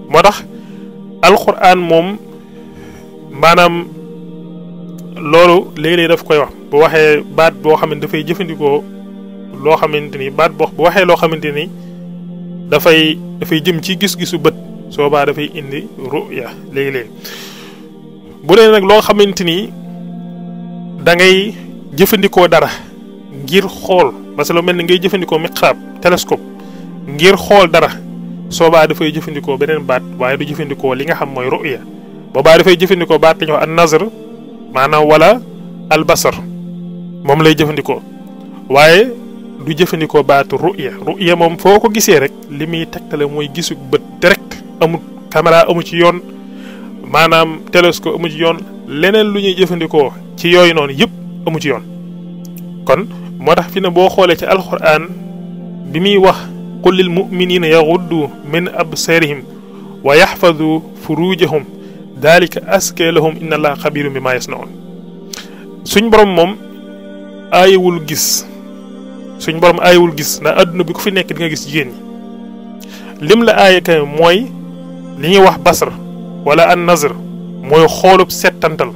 motax alquran mom manam loolu léeg-léeg daf koy wax bu waxee baat boo xam dafay jëfandikoo loo xamante ni baat boo bu waxee loo xamante ni dafay dafay jëm ci gis-gisu bët soobaa dafay indi ruya léegi-léegi bu dee nag loo xamante ni da jëfandikoo dara ngir xool parce que lu mel ni ngay jëfandikoo miqraab télescope ngir xool dara soobaa dafay jëfandikoo beneen baat waaye du jëfandikoo li nga xam mooy ruya boobaa dafay jëfandikoo baat la ñuy wax nazar maanaam wala albasar moom lay jëfandikoo waaye du jëfandikoo baatu ruya ruya moom foo ko gisee rek li muy tegtale mooy gisu bët direct amul caméra amu ci yoon maanaam télescope amu ci yoon leneen lu ñuy jëfandikoo ci yooyu noonu yëpp amu ci yoon kon moo tax fi ne boo xoolee ci alquran bi muy wax qul lil muminina yaghuddu min absarihim wa yaxfadu furujahum ذلك أسكى لهم إن الله خبير بما يصنعون سن بروم موم آي وول غيس سن بروم آي وول غيس نا أدنا بي كوفي نيك ديغا غيس جيني لم لا آي كاي موي لي ني واخ بصر ولا النظر موي خولوب سيتانتال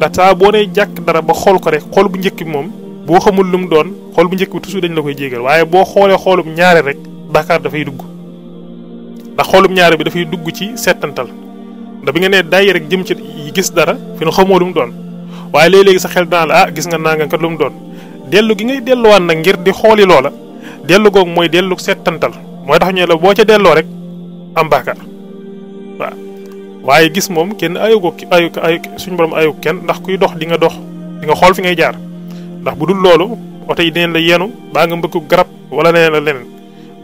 دا تا بوني جاك دارا با خول كو ريك خول بو نيك موم بو خمول لوم دون خول بو نيك توسو دنج لاكاي جيغال وايي بو خولي خولوب نياري ريك داكار دا فاي دوغ دا خولوب نياري بي دا فاي دوغ سي سيتانتال da bi nga nee day rek jëm ci gis dara fi ne xamoo lu doon waaye léeg-léegi sa xel dana la ah, gis nga naa kat lu mu doon dellu gi ngay delluwaat nag ngir di xooli loola dellu googu mooy dellu settantal mooy tax ñu la boo ca delloo rek am baakaar waaw waaye gis moom kenn ayugo ayu ayu suñu borom kenn ndax kuy dox di nga dox di xool fi ngay jaar ndax bu dul loolu oto yi dinañ la yenu baa nga mbëkku garab wala leneen la leneen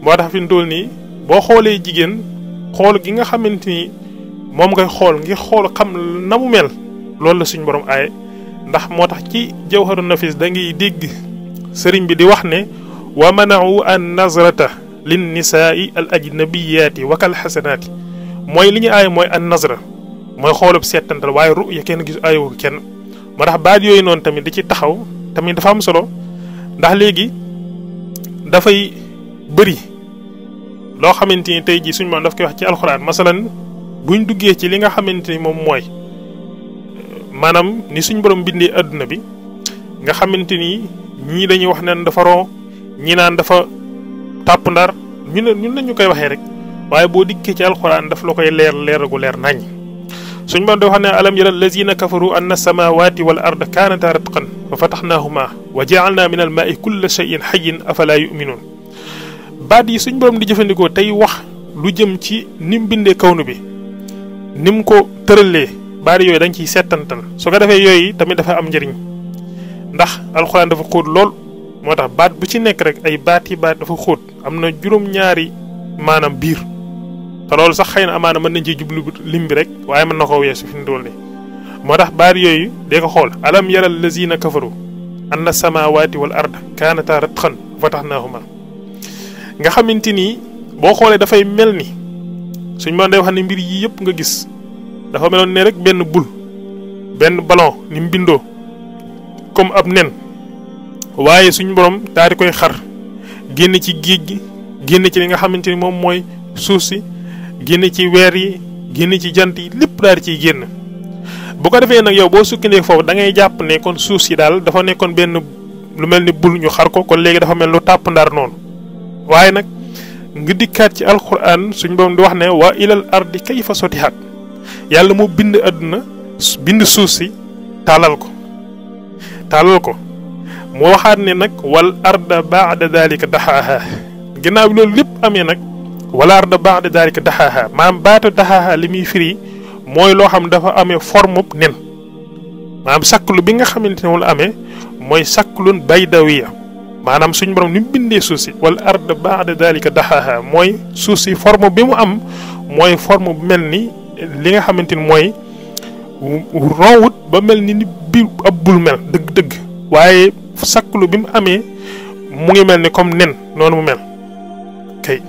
moo tax fi mu nii boo xoolee jigéen xool gi nga xamante ni mom ngay xol ngi xol xam na mu mel loolu la suñ borom ay ndax motax ci jawharu nafis da ngay deg serign bi di wax ne wa manau an nazrata lin nisaai al ajnabiyyati wa kal hasanat moy liñu ay moy an nazra moy xoolub setantal way ru ya kenn gis ayu kenn moo tax baat yooyu noonu tamit di ci taxaw tamit dafa am solo ndax legi da fay beuri lo xamanteni tay ji suñu moom daf koy wax ci alquran masalan buñ duggé ci li nga xamanteni mom moy manam ni suñ borom bindé aduna bi nga xamanteni ni dañuy wax naan dafa ro ñi naan dafa tap ndar ñu ñu lañu koy waxé rek waye bo dikké ci alxuraan daf la koy leer leer gu leer nañ suñ borom do ne alam yara allazina kafaru anna samawati wal arda kanat ratqan fa fatahnahuma wa jaalna min al mai kulla shay'in hayyin afala yu'minun badi suñ borom di jëfëndiko tay wax lu jëm ci nim binde kawnu bi ni mu ko tëralee baari yooyu dañ ciy settantal su ko defee yooyu tamit dafa am njariñ ndax alxuraan dafa xóot lool moo tax baat bu ci nekk rek ay baat yi baat dafa xóot am na juróom-ñaari maanaam biir te loolu sax xëy na amaana mën nañ ciy jublu lim bi rek waaye mën na koo weesu fi mu toll moo tax baat yooyu de ko xool alam yaral lazina kafaru anna samawati wal ard kaanata naa fatahnahuma nga xamante ni boo xoolee dafay mel ni suñ mën day wax ne mbir yii yëpp nga gis dafa meloon ne rek benn bul benn ballon ni mu bindoo comme ab nen waaye suñ borom daal koy xar génn ci géej gi génn ci li nga xamante ni moom mooy suuf si génn ci weer yi génn ci jant yi lépp daal ciy génn bu ko defee nag yow boo sukkandee foofu da ngay jàpp ne kon suuf si daal dafa nekkoon benn lu mel ni bul ñu xar ko kon léegi dafa mel lu tàpp ndar noonu waaye nag nga dikkaat ci alquran suñ borom di wax ne waa ilal ardi kayfa sotihat yàlla moo bind àdduna bind suuf si taalal ko taalal ko moo waxaat ne nag wal arda baada dalika daxaaha ginnaaw bi loolu lépp amee nag wala arda baax dalika daxaaha maanaam baatu daxaaha li muy firi mooy loo xam dafa amee forme nen maanaam sàkklu bi nga xamante ne amee mooy sàkkluun baydawiya manam suñ borom ni bindé souci wal ard ba'da dalika dahaha moy souci forme bi mu am moy forme bu mel li nga xamanteni moy rawut ba melni ni bi abul mel deug deug waye saklu bi mu amé mu ngi melni comme nen noonu mu mel kay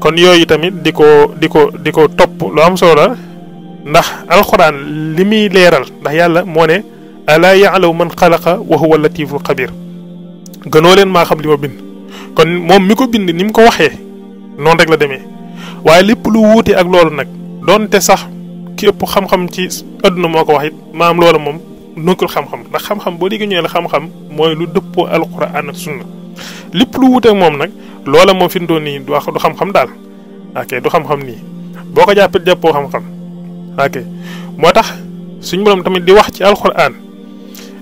kon yooyu tamit diko diko diko top lo am solo ndax alxuraan limi leral ndax yàlla moné ala ya'lamu man khalaqa wa huwa al latiful khabir gënoo ma xam li ma bind kon moom mi ko bind ni mu ko waxee noonu rek la demee waaye lépp lu wuute ak loolu nag doonte sax ki ëpp xam-xam ci àdduna moo ko wax it maam loola moom nukkul xam-xam ndax xam-xam boo déggee ñu la xam-xam mooy lu dëppoo alquran ak sunna lépp lu wuute ak moom nag loola moom fi mu doon nii du xam-xam daal ok du xam-xam nii boo ko jàppee jàppoo xam-xam ok moo tax suñu borom tamit di wax ci alquran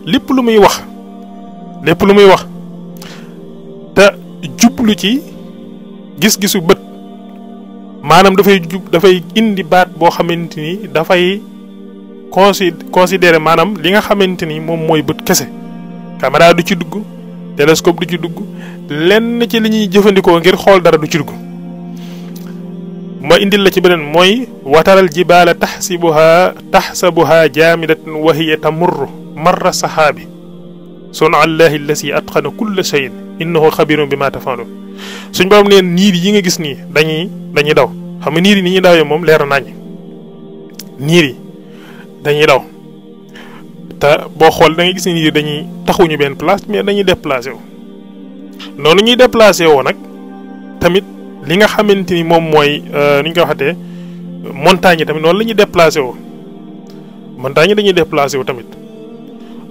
lépp lu muy wax lépp lu muy wax. te jublu ci gis-gisu bët maanaam dafay jub dafay indi baat boo xamante ni dafay consi considéré maanaam li nga xamante ni moom mooy bët kese caméra du ci dugg télescope du ci dugg lenn ci li ñuy jëfandikoo ngir xool dara du ci dugg ma indil la ci beneen mooy wataral jibaala taxsibuha taxsabuha jaamidatan wa hiya tamurru marra saxaabi صنع الله الذي أتقن كل شيء إنه خبير بما تفعلون سنجب أمنا نير ييغي جسني داني داني داو هم نير ني داو يموم لير ناني نير داني داو تا بو خول داني جسني نير داني تخو ني بين بلاس مي داني دي بلاس يو نونو آه، ني دي بلاس يو ونك تاميت لينغا خامن تني موم موي نينغا وحاتي مونتاني تاميت نونو ني دي بلاس مونتاني داني دي تاميت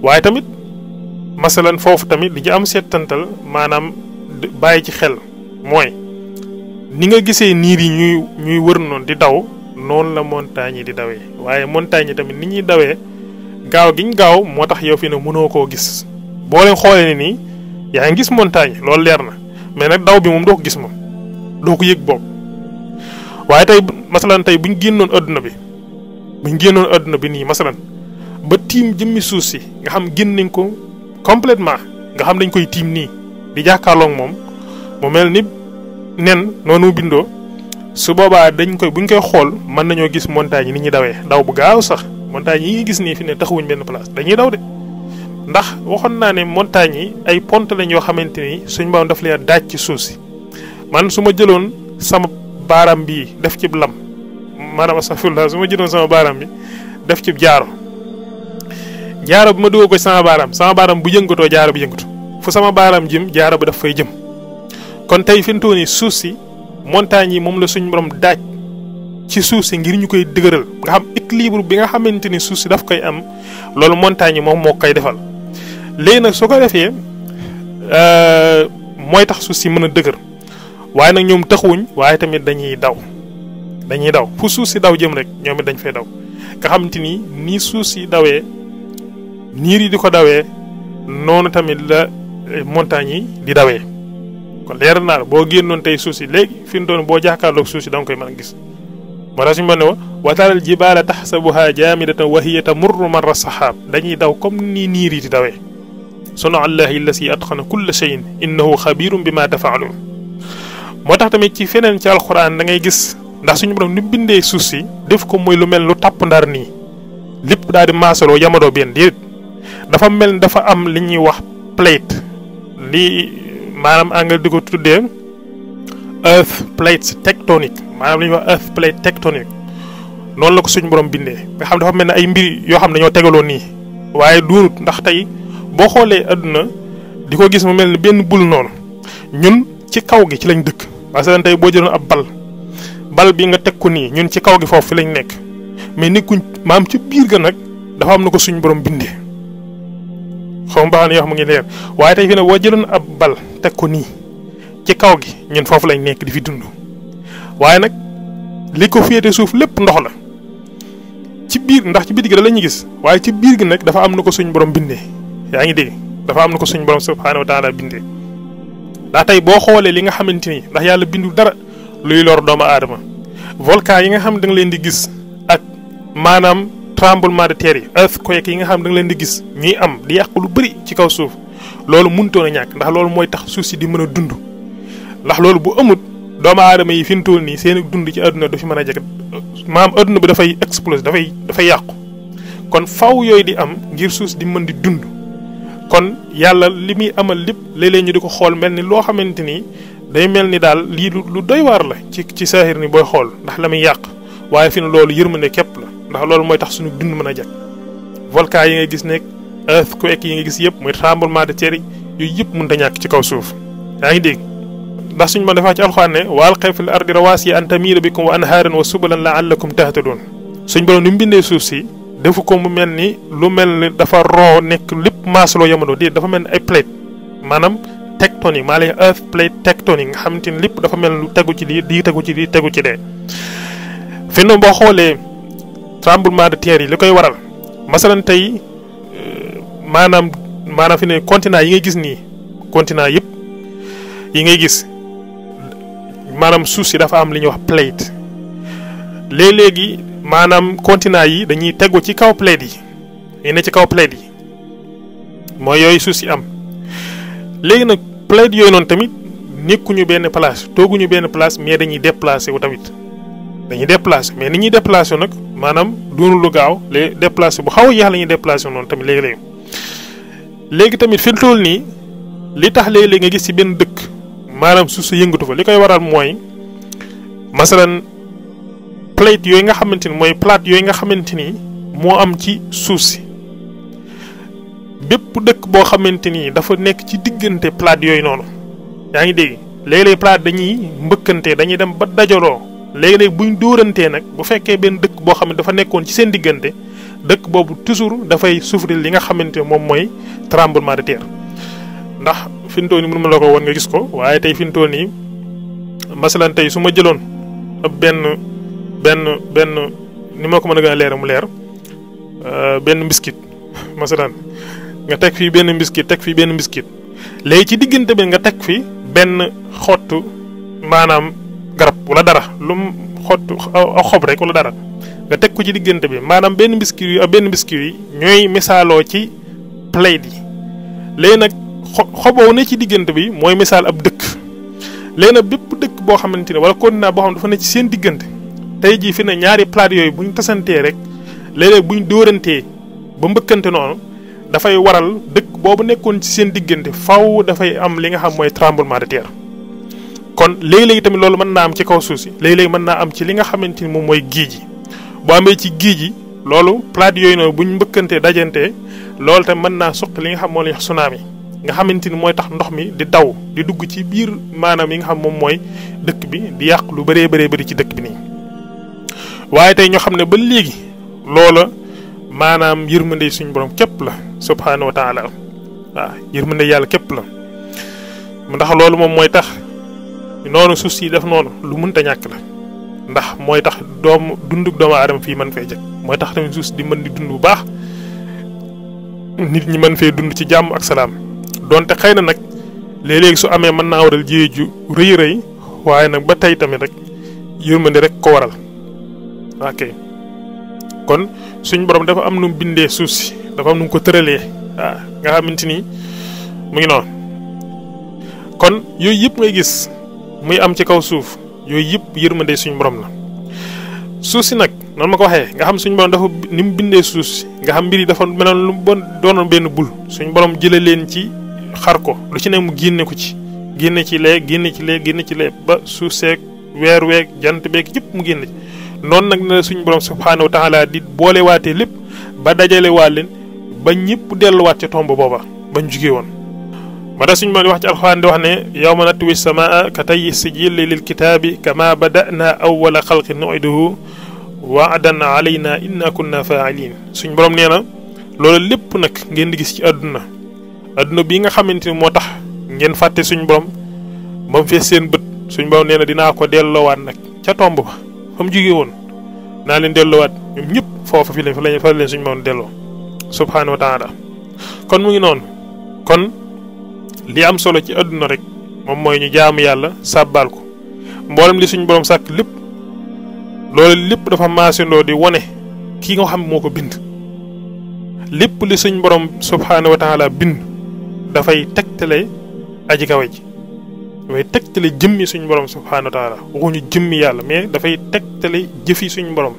waye tamit masalan foofu tamit li ci am seetantal maanaam bàyyi ci xel mooy ni nga gisee niir yi ñuy ñuy wër noonu di daw noonu la montagne yi di dawee waaye montagne yi tamit ni ñuy dawee gaaw giñ gaaw moo tax yow fi ne mënoo koo gis boo leen xoolee ni nii yaa ngi gis montagne loolu leer na mais nag daw bi moom doo ko gis moom doo ko yëg boog waaye tey masalan tey buñ génnoon adduna bi buñ génnoon adduna bi nii masalan ba tiim jëmmi suuf si nga xam génn nañ ko completement nga xam dañ koy tiim nii di jàkkaarlook moom mu mel ni nen noonu bindoo su boobaa dañ koy buñ koy xool mën nañoo gis montagne yi ni ñuy dawee daw bu gaaw sax montagne yi ngi gis nii fi ne taxawuñ benn place dañuy daw de ndax waxoon naa ne montagne yi ay pont lañ yoo xamante ni suñ borom daf leen daaj ci suuf si man su ma jëloon sama baaraam bii def cib lam maanaam astafurlah su ma jëloon sama baaraam bi def ci jaaro jaaro bi ma duggoo ko sama baaraam sama baaraam bu yëngatoo jaaro bi yëngatu fu sama baaraam jëm jaaro bi daf fay jëm kon tey fi mu toll suuf si montagne yi moom la suñu borom daaj ci suuf si ngir ñu koy dëgëral nga xam équilibre bi nga xamante ni suuf si daf koy am loolu montagne yi moom moo koy defal léegi nag su ko defee euh, mooy tax suuf si mën a dëgër waaye nag ñoom taxuwuñ waaye tamit dañuy daw dañuy daw fu si daw jëm rek ñoom dañ fay daw nga xamante ni nii suuf si dawee niir yi di ko dawee noonu tamit la montagne yi di dawee kon leer naa la boo génnoon tey suuf si léegi fi mu doon boo jàkkaarloog suuf si da nga koy mën a gis moo tax suñu mën ne wa wa taral jibaala taxsabuha jaamidatan wa hiya tamurru marra sahab dañuy daw comme ni niir yi di dawee sunu allah illasi atqana kulla cheyin innahu xabirum bi ma tafaaluun moo tax tamit ci feneen ci alquran da ngay gis ndax suñu borom ni bindee suuf si def ko muy lu mel lu tàpp ndar nii lépp daal di maasaloo yamadoo benn déedéet dafa mel ni dafa am li ñuy wax plate lii maanaam anglais di ko tuddee earth plate tectonique maanaam li ñuy wax earth plate tectonique noonu la ko suñ borom bindee nga xam dafa mel ne ay mbir yoo xam ne dañoo tegaloo nii waaye duurut ndax tey boo xoolee àdduna di ko gis mu mel ni benn bul noonu ñun ci kaw gi ci lañ dëkk parce que tey boo jëloon ab bal bal bi nga teg ko nii ñun ci kaw gi foofu fi lañ nekk mais nekkuñ maam ci biir ga nag dafa am na ko suñ borom bindee. xaw ma yoo xam mu ngi leer waaye tey fii ne boo jëloon ab bal teg ko nii ci kaw gi ñun foofu lañ nekk di fi dund waaye nag li ko féete suuf lépp ndox la ci biir ndax ci biir gi da ñuy gis waaye ci biir gi nag dafa am na ko suñ borom bindee yaa ngi dégg dafa am na ko suñ borom subhaanahu wa taala bindee ndax tey boo xoolee li nga xamante ni ndax yàlla bindul dara luy lor doomu aadama volcan yi nga xam da leen di gis ak maanaam. tremblement de terre yi earthquake yi nga xam da leen di gis ñuy am di yàq lu bëri ci kaw suuf loolu mënutoon a ñàkk ndax loolu mooy tax suuf si di mën a dund ndax loolu bu amut doomu aadama yi fi mu toll nii seen dund ci àdduna du fi mën a jeg maam àdduna bi dafay explose dafay dafay yàqu kon faw yooyu di am ngir suuf si di mën di dund kon yàlla li muy amal lépp léeg-léeg ñu di ko xool mel ni loo xamante ni day mel ni daal lii lu lu doy waar la ci ci xool ndax muy yàq waaye ndax loolu mooy tax suñu dund mën a jag volcan yi ngay gis nekk earth earthquake yi ngay gis yëpp muy tremblement de terre yooyu yëpp mën a ñàkk ci kaw suuf yaa ngi dégg ndax suñu mën dafaa ci alxuwaan ne waalqay fil ardi rawaasiya an tamiida bikum wa anhaaran wa subalan la allakum tahtaduun suñ borom ni mu bindee suuf si defu ko mu mel ni lu mel ni dafa roo nekk lépp maasloo yamadoo déedéet dafa mel ni ay plate maanaam tectonique maa lay earth plate tectonique nga xamante ni lépp dafa mel lu tegu ci lii di tegu ci lii tegu ci dee fi boo xoolee tremblement de terre yi li koy waral masalan tey euh, maanaam maanaam fi ne continent yi ngay gis nii continent yëpp yi ngay gis maanaam suuf si dafa am li ñuy wax plate léeg-léegi maanaam continent yi dañuy tegu ci kaw plate yi yi ci kaw plate yi mooy yooyu suuf si am léegi nag plate yooyu noonu tamit nekkuñu benn place tooguñu benn place mais dañuy déplacé wu tamit dañuy déplacé mais ni ñuy déplacé nag maanaam doonu lu gaaw les déplacé bu xaw a yéex la ñuy déplacé noonu tamit léegi-léegi tamit fi nii li tax léegi-léegi nga gis ci benn dëkk maanaam suuf si yëngatu li koy waral mooy masalan plate yooyu nga xamante ni mooy plate yooyu nga xamante ni moo am ci suuf si bépp dëkk boo xamante ni dafa nekk ci diggante plate yooyu noonu yaa ngi dégg léeg-léeg plate dañuy mbëkkante dañuy dem ba dajaloo. léegi nag buñ dóorantee nag bu fekkee benn dëkk boo xam ne dafa nekkoon ci seen diggante dëkk boobu toujours dafay souffrir li nga xamante moom mooy tremblement de ndax fi mu toll nii mënuma la ko woon gis ko waaye tey fi mu toll nii masalan tey su ma jëloon benn benn benn ni ma ko mën a gën a leer mu leer euh, benn mbiskit masalan nga teg fii benn mbiskit teg fii benn mbiskit léegi ci diggante bi nga teg fii benn xottu maanaam. garab wala dara lu mu xott xob rek wala dara nga teg ko ci diggante bi maanaam benn biscuit yi benn biscuit yi ñooy misaaloo ci plate yi léegi nag xoboo ne ci diggante bi mooy misaal ab dëkk léegi nag bépp dëkk boo xamante ne wala continent boo xam ne dafa ne ci seen diggante tey jii fi ne ñaari plate yooyu buñ ñu tasantee rek léeg-léeg bu ñu dóorantee ba mbëkkante noonu dafay waral dëkk boobu nekkoon ci seen diggante faw dafay am li nga xam mooy tremblement de kon léegi-léegi tamit loolu mën naa am ci kaw suuf si léegi-léegi mën naa am ci li nga xamante ni mooy géej ji boo amee ci géej gi loolu plate yooyu noonu bu ñu mbëkkantee dajante loolu tam mën naa suq li nga xam moo la yax nga xamante ni mooy tax ndox mi di daw di dugg ci biir maanaam yi nga xam moom mooy dëkk bi di yàq lu bëree bëree bëri ci dëkk bi nii waaye tey ñoo xam ne ba léegi loola maanaam yërmande suñu borom képp la subhaanahu wa taala waaw yërmande yàlla képp la ndax moom mooy tax noonu suuf si def noonu lu mënta ñàkk la ndax mooy tax doom dunduk doomu aadama fii man fee jëkk mooy tax tamit suuf di mën di dund bu baax nit ñi mën fee dund ci jàmm ak salaam donte xëy na nag léeg-léeg su amee mën naa waral jiyee ju rëy rëy waaye nag ba tey tamit rek yërmande rek ko waral ok kon suñ borom dafa am nu mu bindee suuf si dafa am nu ko tëralee waaw ah, nga xamante ni mu ngi noonu kon yooyu yëpp ngay gis. muy am ci kaw suuf yooyu yëpp yërmande suñu borom la suuf si nag noonu ma ko waxee nga xam suñu borom dafa ni mu bindee suuf si nga xam mbir yi dafa meloon lu mu bon doonoon benn bul suñu borom jëlee leen ci xar ko lu ci ne mu génne ko ci génne ci lee génne ci lee génne ci lee ba suuf seeg weer week jant beek yëpp mu génne ci noonu nag ne suñu borom subhaanahu wa taala di boolewaatee lépp ba dajale waa leen ba ñëpp delluwaat ca tomb booba bañ jugee woon. ba tax suñu mën wax ci alxuraan di wax ne yawma natwi samaa ka tayyi sijilli lil kitabi kama badana awwala xalqin nuiduhu waadan alayna inna kunna faailin suñ borom nee na lépp nag ngeen gis ci àdduna àdduna bii nga xamante ni moo tax ngeen fàtte suñ borom ba mu fees seen bët suñ borom nee na dinaa ko delloowaat nag ca tomb ba fa mu jógee woon naa leen delloowaat ñoom ñëpp foofa fi leen fa leen suñ borom delloo subhaanahu wa taala kon mu ngi noonu kon li am solo ci àdduna rek moom mooy ñu jaamu yàlla sàbbaal ko mboolem li suñ borom sàkk lépp loolu lépp dafa maasindoo di wone ki nga xam moo ko bind lépp li suñ borom subhaanahu wa taala bind dafay tegtale aji kawe ji dafay tegtale jëmmi suñ borom subhaanahu wa taala waxuñu jëmmi yàlla mais dafay tegtale jëfi suñ borom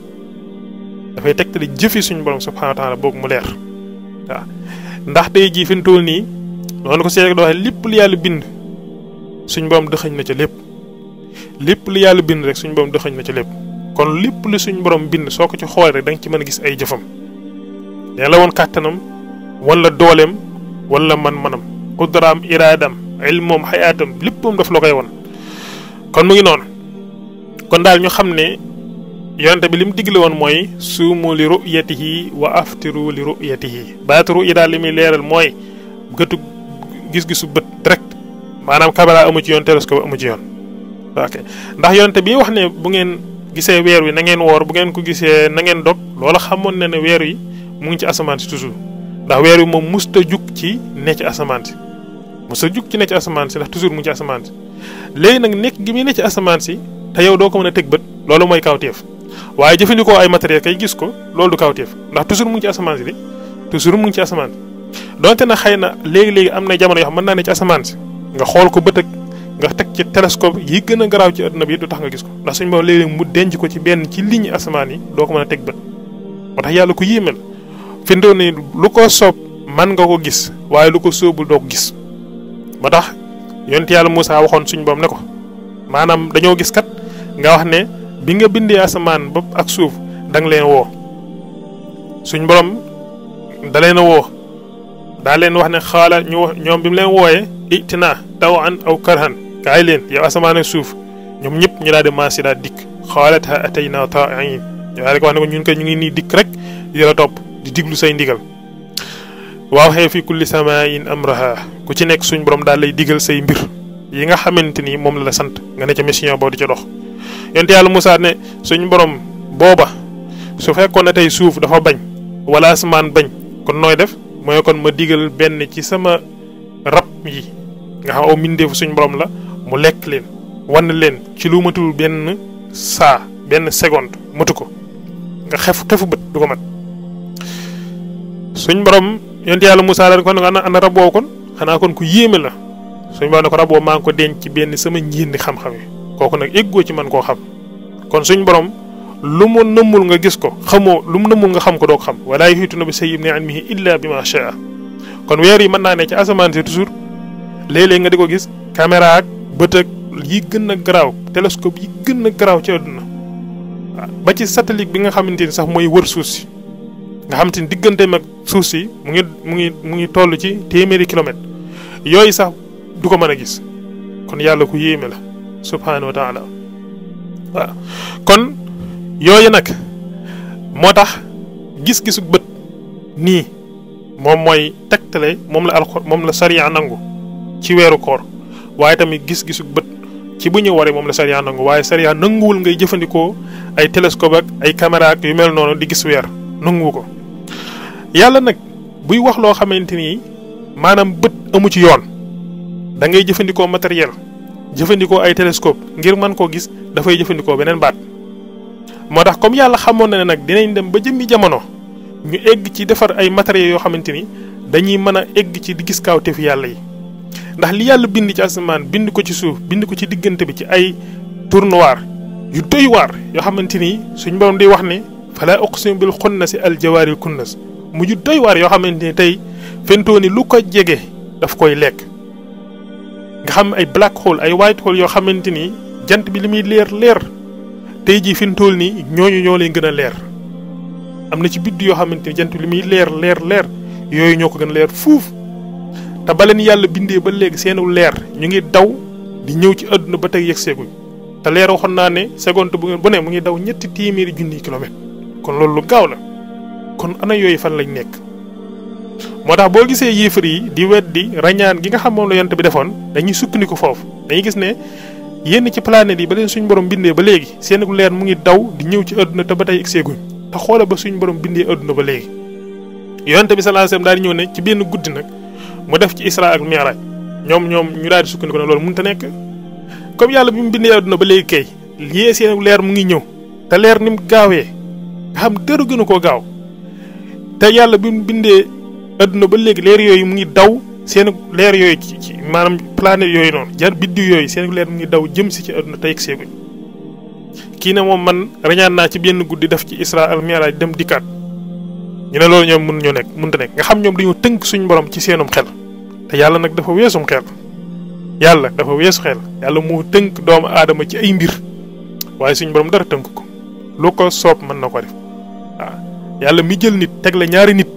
dafay tegtale jëfi suñ borom subhaanahu wa taala boog mu leer waaw ndax tey jii fi mu toll nii noonu ko seeg do waxee lépp lu yàlla bind suñ borom dëxëñ na ci lépp lépp lu yàlla bind rek suñ borom dëxëñ na ci lépp kon lépp lu suñ borom bind soko ci xol rek dang ci meuna gis ay jëfam nee la woon kàttanam wala dolem wala man-manam qudram iradam ilmum hayatam leppum daf lokay won kon mu ngi non kon dal ñu xamne yonte bi lim mu digle woon mooy suumu li ru'yatihi wa aftiru li ru'yatihi batru ru'ya limi leral moy leeral gis-gisu bët direct maanaam caméra amu ci yoon télescope amu yoon ndax yonte bi wax ne bu ngeen gisee weer wi na ngeen woor bu ngeen ko gisee na ngeen dog loola xamoon na ne weer wi mu ngi ci asamaan si toujours ndax weer wi moom musta jug ci ne ci asamaan si musta jug ci ne ci asamaan si ndax toujours mu ngi ci asamaan si léegi nag nekk gi muy ne asamaan si te yow doo ko mën a teg bët loolu mooy kaw kawteef waaye jëfandikoo ay matériel kay gis ko loolu du kawteef ndax toujours mu ngi ci asamaan si de toujours donte na xëy na léegi-léegi am na jamono yoo mën naa ne ci asamaan si nga xool ko bët ak nga teg ci télescope yi gën a garaaw ci adduna bi du tax nga gis ko ndax suñu borom léegi-léegi mu denc ko ci benn ci ligne asamaan yi doo ko mën a teg bët moo tax yàlla ko yéemel fi ndoon ni lu ko soob man nga ko gis waaye lu ko sóobul doo ko gis moo tax yonent yàlla Moussa waxoon suñu borom ne ko maanaam dañoo gis kat nga wax ne bi nga bindee asamaan bopp ak suuf da nga leen woo suñ borom da leen a woo daa leen wax ne xaala ñu ñoom bi mu leen itina taw an aw karhan kaay leen yow asamaan ak suuf ñoom ñëpp ñu daal di maasi daal dikk xaalat ha atayna taain ñu daal di wax ne ko ñun ko ñu ngi nii dikk rek di la topp di diglu say ndigal waaw xee fi kulli samain amraha ku ci nekk suñ borom daal lay digal say mbir yi nga xamante ni moom la la sant nga ne ca mission boo di ca dox yent yàlla musa ne suñ borom booba su fekkoon ne suuf dafa bañ wala asmaan bañ kon nooy def moy kon ma digal ben ci sama rap yi nga xam aw mbindeefu suñ borom la mu lek leen wan leen ci lu matul ben sa ben seconde matu ko nga xef xefu bët du ko mat suñ borom yonte yalla musa la kon nga ana ana kon xana kon ku yeme la suñ borom ko raboo ma ko denc ci ben sama njiindi xam-xam koku nak eggo ci man ko xam kon suñ borom lu mu nëmmul nga gis ko xamoo lu mu nëmmul nga xam ko doo ko xam wala yuhituuna bi shay'in min ilmihi illa bi ma shaa kon weer yi mën naa ne ci asamaan si toujours léeg-léeg nga di ko gis caméra ak bët ak yi gën a garaaw télescope yi gën a garaaw ci àdduna ba ci satellite bi nga xamante ni sax mooy wër suuf si nga xamante ni digganteem ak suuf si mu ngi mu ngi mu ngi toll ci téeméeri kilomètre yooyu sax du ko mën a gis kon yàlla ku yéeme la subhanahu wa taala waaw kon yooyu nag moo tax gis-gisu bët nii moom mooy tegtale moom la alxur moom la sariya nangu ci weeru koor waaye tamit gis-gisu bët ci bu ñu waree moom la sariya nangu waaye sariya nanguwul ngay jëfandikoo ay télescope ak ay caméra yu mel noonu di gis weer nanguwu ko yàlla nag buy wax loo xamante ni maanaam bët amu ci yoon dangay jëfandikoo matériel jëfandikoo ay télescope ngir mën koo gis dafay jëfandikoo beneen baat. moo tax comme yàlla xamoon na ne nag dinañ dem ba jëmmi jamono ñu egg ci defar ay matériels yoo xamante ni dañuy mën a egg ci di gis kaw kaawteefu yàlla yi ndax li yàlla bind ci asamaan bind ko ci suuf bind ko ci diggante bi ci ay trou noir yu doy waar yoo xamante ni suñ borom di wax ne falaa uqsimu bil xunnasi al jawaaril kunnas mu ju doy waar yoo xamante ni tey fentoo ni lu ko jege daf koy lekk nga xam ay black hole ay white hole yoo xamante ni jant bi li muy leer leer tey jii fi mu toll nii ñooñu ñoo leen gën a leer am na ci bidd yoo xamante ni jant li muy leer leer leer yooyu ñoo ko gën leer fuuf te ba leen yàlla bindee ba léegi seenu leer ñu ngi daw di ñëw ci àdduna ba tey yegg seeguñ te leer waxoon naa ne segont bu ngeen bu ne mu ngi daw ñetti téeméeri junniy kilomètre kon loolu lu gaaw la kon ana yooyu fan lañ nekk. moo tax boo gisee yéefar yi di weddi rañaan gi nga xam moom la bi defoon dañuy sukkandiku foofu dañuy gis ne yenn ci planètes yi ba leen suñu borom bindee ba léegi seen leer mu ngi daw di ñëw ci àdduna te ba tey egseeguñ te xoola ba suñu borom bindee àdduna ba léegi yonent bi sallallahu alayhi wasallam daal di ñëw ne ci benn guddi nag mu def ci isra ak mi'raj ñoom ñoom ñu daal di sukkandiku ne loolu mun a nekk comme yàlla bi mu bindee àdduna ba léegi kay lii seen leer mu ngi ñëw te leer nim mu gaawee nga xam dëru gënu koo gaaw te yàlla bi mu bindee adduna ba léegi leer yooyu mu ngi daw seen leer yooyu ci maanaam planète yooyu noonu jar biddiw yooyu seen leer mu ngi daw jëm si ci aduna tey seeguñ kii ne moom man rañaan naa ci benn guddi def ci isra al mi'raj dem dikkaat ñu ne loolu ñoom mun ñoo nekk mënta nekk nga xam ñoom dañu tënk suñ borom ci seenum xel te yàlla nag dafa weesum xel yàlla dafa weesu xel yàlla moo tënk doomu aadama ci ay mbir waaye suñ borom dara tënk ko lu ko soob mën na ko def waaw yàlla mi jël nit teg la ñaari nit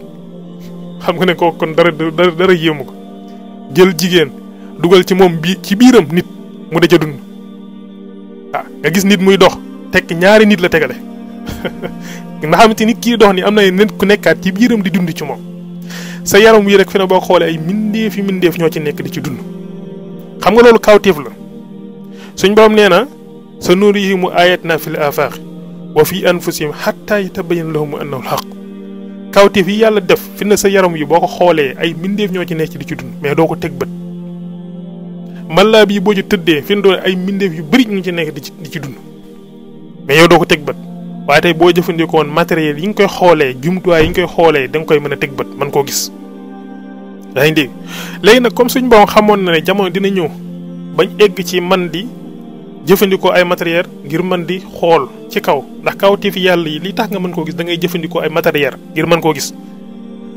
xam nga ne ko kon dara dara dara yéemu ko jël jigéen dugal ci moom bii ci biiram nit mu de ca dund waaw ah, nga gis nit muy dox tekk ñaari nit la tegale nga xamante ni kii dox ni am na nit ku nekkaat ci biiram di dund ci moom sa yaram wii rek fi ne boo xoolee ay mbindeef yi mbindeef ñoo ci nekk di ci dund xam nga loolu kawteef la suñ borom nee na sa nurihimu ayat na fil afaax wa fi anfusihim xatta yatabayyana lahum annahu alxaq kawtif yi yàlla def fi na sa yaram yi boo ko xoolee ay mbindeef ñoo ci nekk di ci dund mais doo ko teg bët malla bii boo ci tëddee fi na doon ay mbindeef yu bëri ñu ci nekk di ci di ci dund mais yow doo ko teg bët waaye tey boo jëfandikoon matériel yi nga koy xoolee jumtuwaay yi nga koy xoolee da nga koy mën a teg bët man koo gis yaa ngi dégg léegi nag comme suñ borom xamoon na ne jamono dina ñëw bañ egg ci man di jëfandikoo ay matériel ngir mën di xool ci kaw ndax kawteef yàlla yi li tax nga mën koo gis da ngay jëfandikoo ay matériel ngir mën koo gis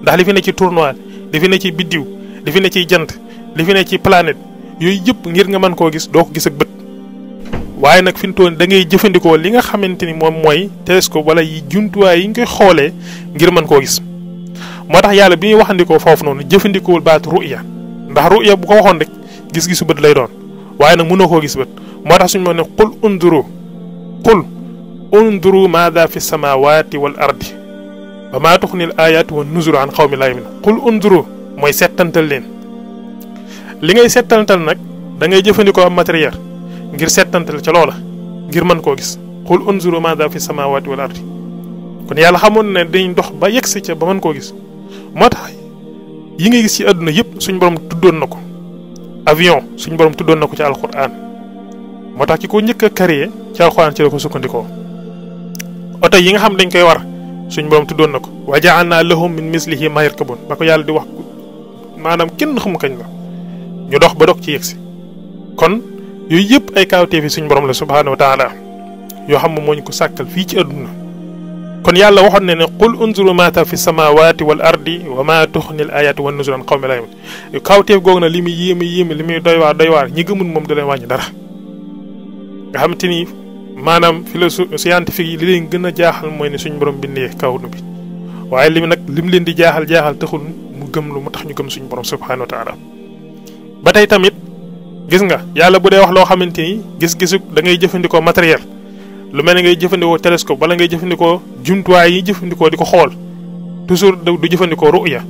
ndax li fi ne ci tournoi li fi ne ci biddiw li fi ne ci jant li fi ne ci planète yooyu yëpp ngir nga mën koo gis doo ko gis ak bët waaye nag fi mu toll da ngay jëfandikoo li nga xamante ni moom mooy télescope wala yi jumtuwaay yi nga koy xoolee ngir mën koo gis moo tax yàlla bi ñuy waxandikoo foofu noonu jëfandikoowul baat ruya ndax ruya bu ko waxoon rek gis-gisu bët lay doon waye nak mënoko gis bët motax suñu moo ne qul unduru qul unduru maada fi samawati wal ardi wa maa tuxni l ayatu wa nuzuru an qawmi la yamin qul unduru moy setantal len li ngay setantal nak da ngay jëfëndiko am matériel ngir setantal ci loola ngir man ko gis qul unduru maada fi samawati wal ardi kon yàlla xamone ne dañ dox ba yeksi ci ba man ko gis motax yi ngay gis ci aduna yëpp suñu borom tuddon nako avion suñ borom tuddoon na ko ci alxuraan moo tax ki ko njëkk a créé ci alxuraan ci la ko sukkandikoo oto yi nga xam dañ koy war suñ borom tuddoon na ko wa ja'alna lahum min mislihi ma yarkabun ba ko yàlla di wax maanaam kenn xamu kañ la ñu dox ba dog ci yegsi kon yooyu yëpp ay kaawteef yi suñu borom la subhaanahu wa taala yoo xam ne moo ñu ko sàkkal fii ci àdduna kon yàlla waxoon na ne qul unzuru maata fi samawati wal ardi wa ma tuxni l ayatu wan nuzur an qawmi la yumin kawteef googu na li muy yéeme yéeme li muy doy waar doy waar ñi gëmul moom da leen wàññi dara nga xam te ni maanaam philosophie scientifique yi li leen gën a jaaxal mooy ne suñu borom bindee kawnu bi waaye li mu nag li mu leen di jaaxal jaaxal taxul mu gëm lu mu tax ñu gëm suñu borom subhanahu wa taala ba tey tamit gis nga yàlla bu dee wax loo xamante ni gis-gisu da ngay jëfandikoo matériel lu mel ne ngay jëfandikoo télescope bala ngay jëfandikoo jumtuwaay yi jëfandikoo di ko xool toujours du jëfandikoo ruya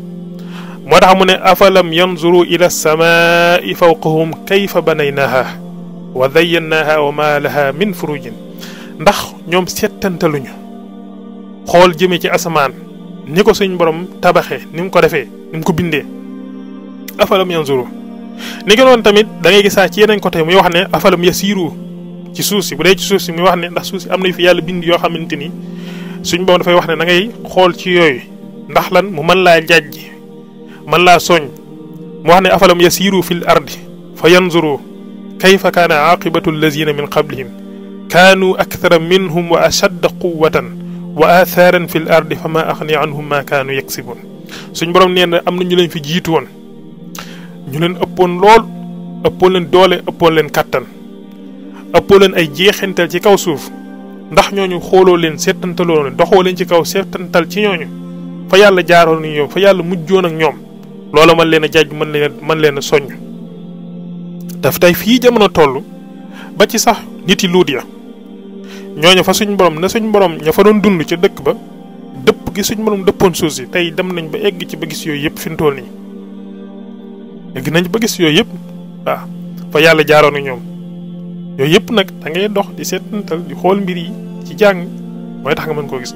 moo tax mu ne afalam yanzuru ila samaai fawqahum kayfa banaynaha wa dayyannaha wa ma laha min furujin ndax ñoom settantaluñu xool jëme ci asamaan ni ko suñ borom tabaxé ni mu ko defee ni mu ko bindee afalam yanzuru ni ko noonu tamit da ngay gisaa ci yeneen côté muy wax ne afalam yasiru ci suuf bu dee ci suuf si muy wax ne ndax suuf si am na fi yàlla bind yoo xamante ni suñ boobu dafay wax ne da ngay xool ci yooyu ndax lan mu mën laa jaaj mën laa soñ mu wax ne afalam yasiru fil ardi fa yanzuru kayfa kaana aqibatu allazina min qablihim kaanu akthara minhum wa ashadda quwwatan wa athaaran fil ardi fa ma axni anhum ma kaanu yaksibun suñ borom nee na am na ñu leen fi jiitu woon ñu leen ëppoon lool ëppoon leen doole ëppoon leen kattan ëppoo leen ay jeexintal ci kaw suuf ndax ñoo ñu xooloo leen seetantaloo leen doxoo leen ci kaw seetantal ci ñooñu fa yàlla jaaroon ak ñoom fa yàlla mujjoon ak ñoom loola mën leen a jaaj mën leen mën leen a soññ daf tey fii jamono toll ba ci sax nit yi luut ya ñooñu fa suñ borom na suñ borom ña fa doon ca dëkk ba dëpp suñ borom dëppoon suuf si tey dem nañ ba egg ci ba yooyu yëpp fi mu toll nii egg nañ ba gis yooyu yëpp waaw fa yàlla jaaroon ak ñoom. yooyu yep nak da ngay dox di seetantal di xol mbir yi ci jàng moy tax nga man ko gis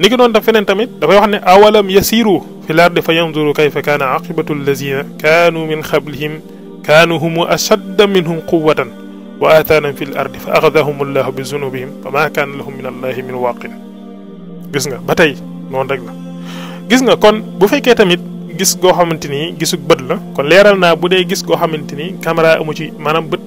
niki non da fenen tamit da fay wax ne awalam yasiru fil lardi fa yanzuru kayfa kana aqibatu allazina kanu min qablihim kanu hum ashadda minhum quwwatan wa atana fil l ardi fa akhadhahum allah bi dhunubihim fa ma kana lahum min allah min waqin gis nga batay non rek la gis nga kon bu fekke tamit gis go xamanteni gisuk beut la kon leral na bu gis go xamanteni caméra amu ci manam beut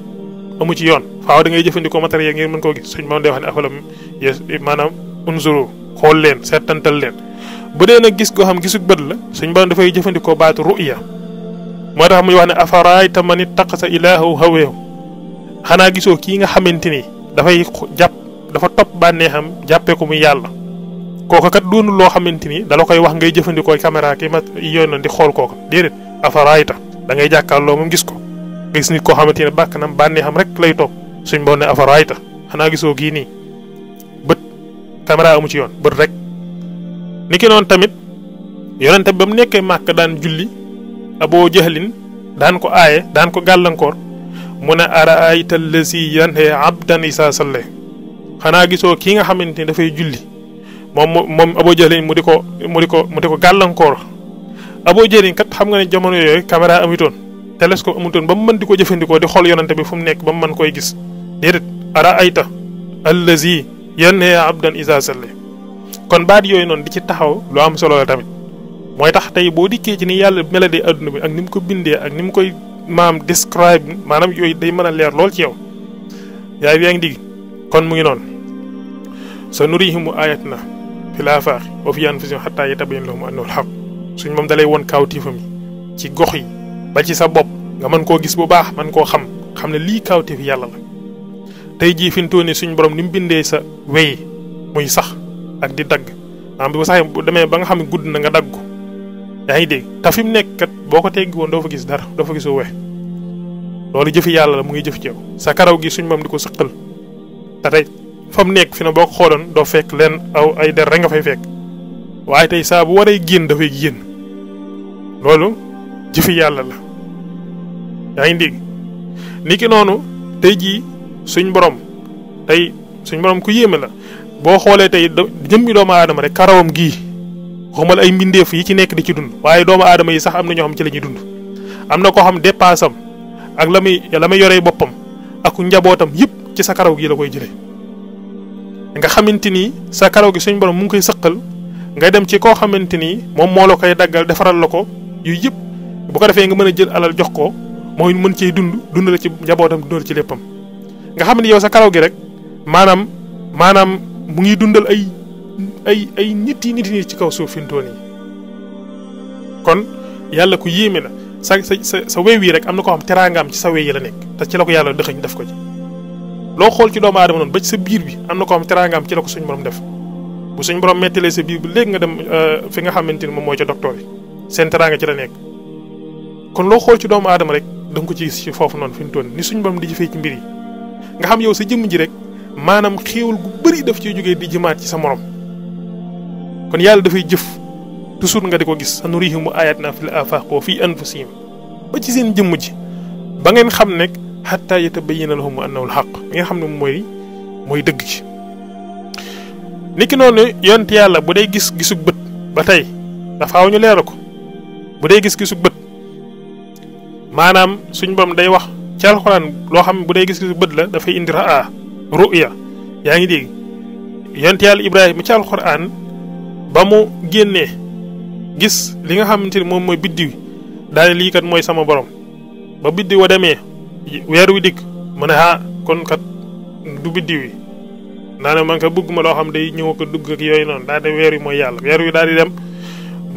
amu ci yoon faaw da ngay jëfandikoo matériel ngir mën koo gis suñ moom day wax ne afalam yes maanaam unzuru xool leen seetantal leen bu dee nag gis goo xam gisug bët la suñ borom dafay jëfandikoo baatu ru'ya moo tax muy wax ne afaraayta man ittaqasa ilaahu haweehu xanaa gisoo kii nga xamante ni dafay jàpp dafa topp xam jàppee ko muy yàlla kooka kat doonu loo xamante ni dala koy wax ngay jëfandikoo caméra ki ma yoon na di xool kooka déedéet ko gis nit koo xamante ne bàkk nam xam rek lay toog suñ boon ne afaraayta xanaa gisoo kii nii bët caméra amu ci yoon bët rek ni ki noonu tamit yonente ba mu nekkee màkk daan julli aboo jahlin daan ko aaye daan ko gàllankoor mu a araayta allazi yanhe abdan xanaa gisoo kii nga xamante ni dafay julli moom moom aboo jahlin mu di ko mu di ko mu di ko gàllankoor aboo jahlin kat xam nga ne jamono yooyu caméra amutoon télescope amutoon ba mu mën di ko jëfandikoo di xool yonante bi fu mu nekk ba mu mën koy gis déedéet ara ayta allazi yanha abdan isa salli kon baat yooyu noonu di ci taxaw lu am solo la tamit mooy tax tey boo dikkee ci ni yàlla meladee adduna bi ak ni mu ko bindee ak ni mu koy maam describe maanaam yooyu day mën a leer lool ci yow yaay bi yaa ngi dig kon mu ngi noonu sa nurihimu ayatina fil afaaqi wa fi anfusihim xataa yatabayyana lahum annahu alxaq suñ moom dalay won kaawtiifam yi ci gox yi ba ci sa bopp nga mën koo gis bu baax mën koo xam xam ne lii kawte fi yàlla la tey jii fi mu toll nii suñu borom ni mu bindee sa wey muy sax ak di dagg maanaam bu saxee bu demee ba nga xam ne gudd na nga dagg ko yaa ngi dégg te fi mu nekk kat boo ko tegg woon doo fa gis dara doo fa gisoo wex loolu jëfi yàlla la mu ngi jëf ci sa karaw gi suñ moom di ko sëqal te tey fa nekk fi ne boo ko xooloon doo fekk leen aw ay der rek nga fay fekk waaye tey saa bu waree génn dafay génn jëfi yàlla la yaa ngi dégg ni ki noonu tey jii suñ borom tey suñ borom ku yéeme la boo xoolee tey jëmmi doomu aadama rek karawam gii waxumal ay mbindeef yi ci nekk di ci dund waaye doomu aadama yi sax am na ñoo xam ci la ñuy dund am na koo xam dépassam ak la muy la muy yoree boppam ak njabootam yëpp ci sa karaw gi la koy jële nga xamante ni sa karaw gi suñ borom mu ngi koy sëqal ngay dem ci koo xamante ni moom moo la koy daggal defaral la ko yu yëpp bu ko defee nga mën a jël alal jox ko mooy mën cee dund dundal ci njabootam dundal ci léppam nga xam ne yow sa karaw gi rek maanaam maanaam mu ngi dundal ay ay ay nit yi nit yi ci kaw suuf fi mu toll nii kon yàlla ku yéeme la sa sa sa wey wii rek am na koo xam teraangaam ci sa wey yi la nekk te ci la ko yàlla dëxëñ def ko ci loo xool ci doomu aadama noonu ba ci sa biir bi am na koo xam teraangaam ci la ko suñu borom def bu suñu borom lee sa biir bi léegi nga dem euh, fi nga xamante ni moom mooy ca docteur yi seen ci la nekk kon loo xool ci doomu aadama rek da nga ko ci gis ci foofu noonu fi mu toll ni suñu borom di jëfee ci mbir yi nga xam yow sa jëmm ji rek maanaam xéewal gu bëri daf ciy jógee di jëmaat ci sa morom kon yàlla dafay jëf toujours nga di ko gis sanurihim ayatina fil afaq wa fi anfusihim ba ci seen jëmm ji ba ngeen xam nekk xataa yatabayyana lahum annahu alxaq ngeen xam ne mooy mooy dëgg ci niki noonu yonent yàlla bu day gis gisug bët ba tey dafaaw ñu leer ko maanaam suñ borom day wax ci alxuraan loo xam ne bu dee gis-gisu bët la dafay indi raa ah, yaa ngi dégg yonent yàlla Ibrahima ci alxuraan ba mu génnee gis li nga xamante ni moom mooy biddiw daane lii kat mooy sama borom ba biddiw wa demee weer wi dikk mu ne ah kon kat du biddiw yi daane man ka bëgg ma loo xam day ñëw dugg yooyu noonu daane weer wi mooy yàlla weer wi daal di dem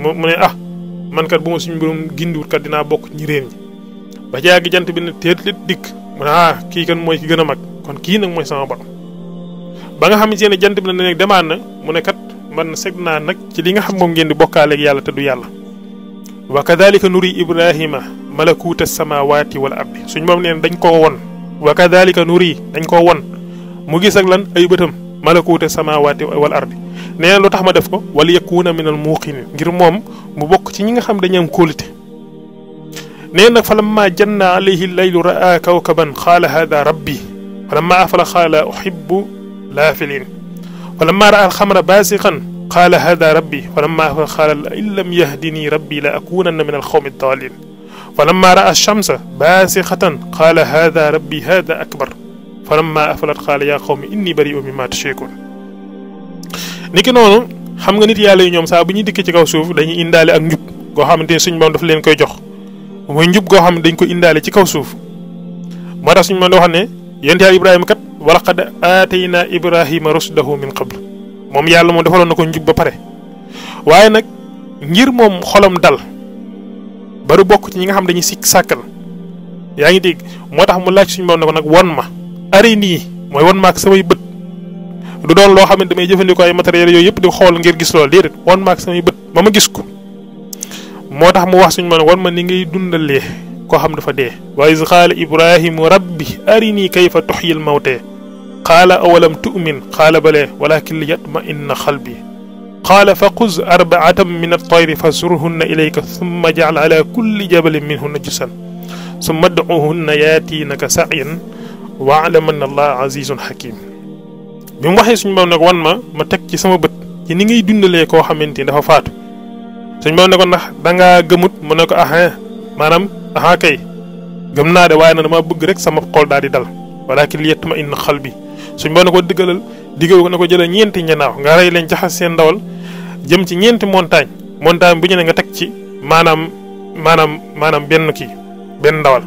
mu ne ah man kat bu ma suñu borom gindiwut kat dinaa bokk ñi réer ñi ba ci jant bi na teet lit dikk mu ne ah kii kan mooy ki gën a mag kon kii nag mooy sama borom ba nga xamante ne jant bi na nag demaat na mu ne kat man seg naa nag ci li nga xam moom ngeen di bokkaaleeg yàlla te du yàlla wa kadalika nuri ibrahima malakuuta samawati wal ardi suñ moom neen dañ koo won wa kadalika nuri dañ koo won mu gis ak lan ay bëtam malakuuta samawati wal ardi nee na lu tax ma def ko wala yakuuna minal muuqinin ngir moom mu bokk ci ñi nga xam dañu am nee na falamma janna alayhi laylu raa kawkaban qaala hada rabbi falamma afala qaala uhibbu laafilin falamma raa alxamra baasiqan qaala hada rabbi falamma afala qaala in lam yahdini rabbi la akunanna min alqawmi الضالين فلما رأى الشمس باسخة قال هذا ربي هذا أكبر فلما أفلت قال يا قوم إني بريء مما تشركون niki noonu xam nga nit yàlla yi ñoom saa bu ñuy dikk ci kaw suuf dañuy indaale ak njub goo xamante ne suñ boom daf leen koy jox moy njub go xamne dañ ko indalé ci kaw suuf mo tax suñu man xane xamne ibrahim kat wala qad atayna ibrahim rusdahu min qabl mom yalla mo defalon nako njub ba paré waye nak ngir mom xolam dal baru bokut ci ñi nga xam dañuy sik sakal ya ngi dig moo tax mu laaj suñu nak ma ari ni moy won ma ak samay bët du doon lo xamne damay jëfëndiko ay matériel yoy yëpp di xol ngir gis lool dedet won ma ak samay ba gis ko moo tax mu wax suñ man wan ma ni ngay dundalee koo xam dafa dee wa is qaala ibrahimu rabbi arini kayfa tuxyil mawtee qaala awalam tu'min qaala balee walakin li yatma inna xalbi qaala fa xuz arbaatan min altayri fasurhunna ilayka thumma jacal ala kulli jabalin minhunna jusan summa dcuhunna yaatiinaka sacyan waalam anna allah azizun xakim bi mu waxee suñu borom nag wan ma ma teg ci sama bët ci ni ngay dundalee koo xamante ni dafa faatu suñ borom ne ko ndax da ngaa gëmut mu ne ko ahan maanaam ahan kay gëm naa de waaye na dama bëgg rek sama xool daal di dal walakin li ma inn xal bi suñ borom na ko diggalal diggal ko ne ko jëlee ñeenti ñanaaw nga rey leen jaxas seen ndawal jëm ci ñeenti montagne montagne bi ñu ne nga teg ci maanaam maanaam maanaam benn kii benn ndawal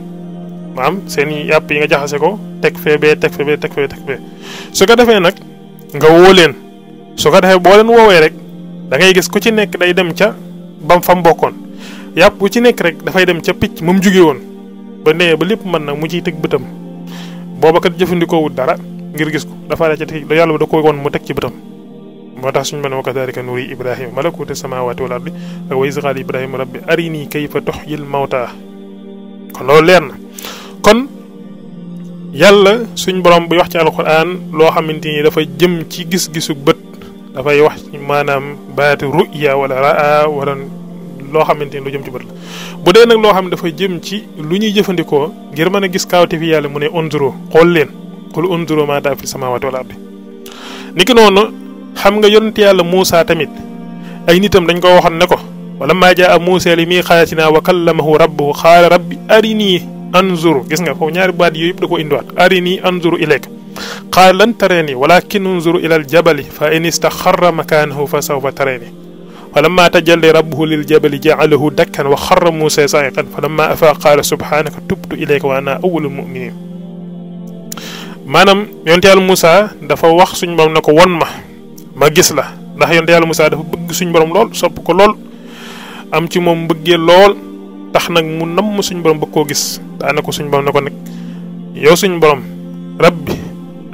maanaam seen yàpp yi nga jaxase ko teg fee bee teg fee bee su ko defee nag nga woo leen su ko defee boo leen woowee rek da ngay gis ku ci nekk day dem ca bam fam bokon yap bu ci nek rek fay dem ci picc mum jóge won ba nee ba lepp man nak mu ci teg bëtam boba kat jëfandikoo wut dara ngir gis ko dafa la ci teg yàlla da ko won mu teg ci bëtam motax suñu man waka kadalika nuri malaku malakuta samawati wal ardi wa isqaal Ibrahim rabbi arini kayfa tuhyil mauta kon lo len kon yalla suñu borom bu wax ci alquran lo xamanteni da dafa jëm ci gis gisuk dafay wax maanaam baat ruya wala raa wala loo xamante ni lu jëm ci bët la bu dee nag loo xam ne dafa jëm ci lu ñuy jëfandikoo ngir mën a gis kaawte fi mu ne unzuru xool leen xul unzuru maa daa fi samaawaati wala ardi niki xam nga yonent yàlla Muusa tamit ay nitam dañ ko waxoon ne ko wala maa jaa Muusa li miiqaatinaa wa kallamahu rabbuhu qaala rabbi arinii anzuru gis nga foofu ñaari baat yooyu da ko indiwaat arinii anzuru ilayka xar قال لن تريني ولكن انظر إلى الجبل فإن استقر مكانه فسوف تريني فلما تجلى ربه للجبل جعله دكا وخر موسى صاعقا فلما أفاق قال سبحانك تبت إليك وأنا أول المؤمنين maanaam yonte yàlla Moussa dafa wax suñ borom ne ko won ma ma gis la ndax yonte yàlla Moussa dafa bëgg suñ borom lool sopp ko lool am ci moom bëggee lool tax nag mu namm suñ borom bëgg koo gis daana ko suñ borom na ko nag yow suñ borom rabbi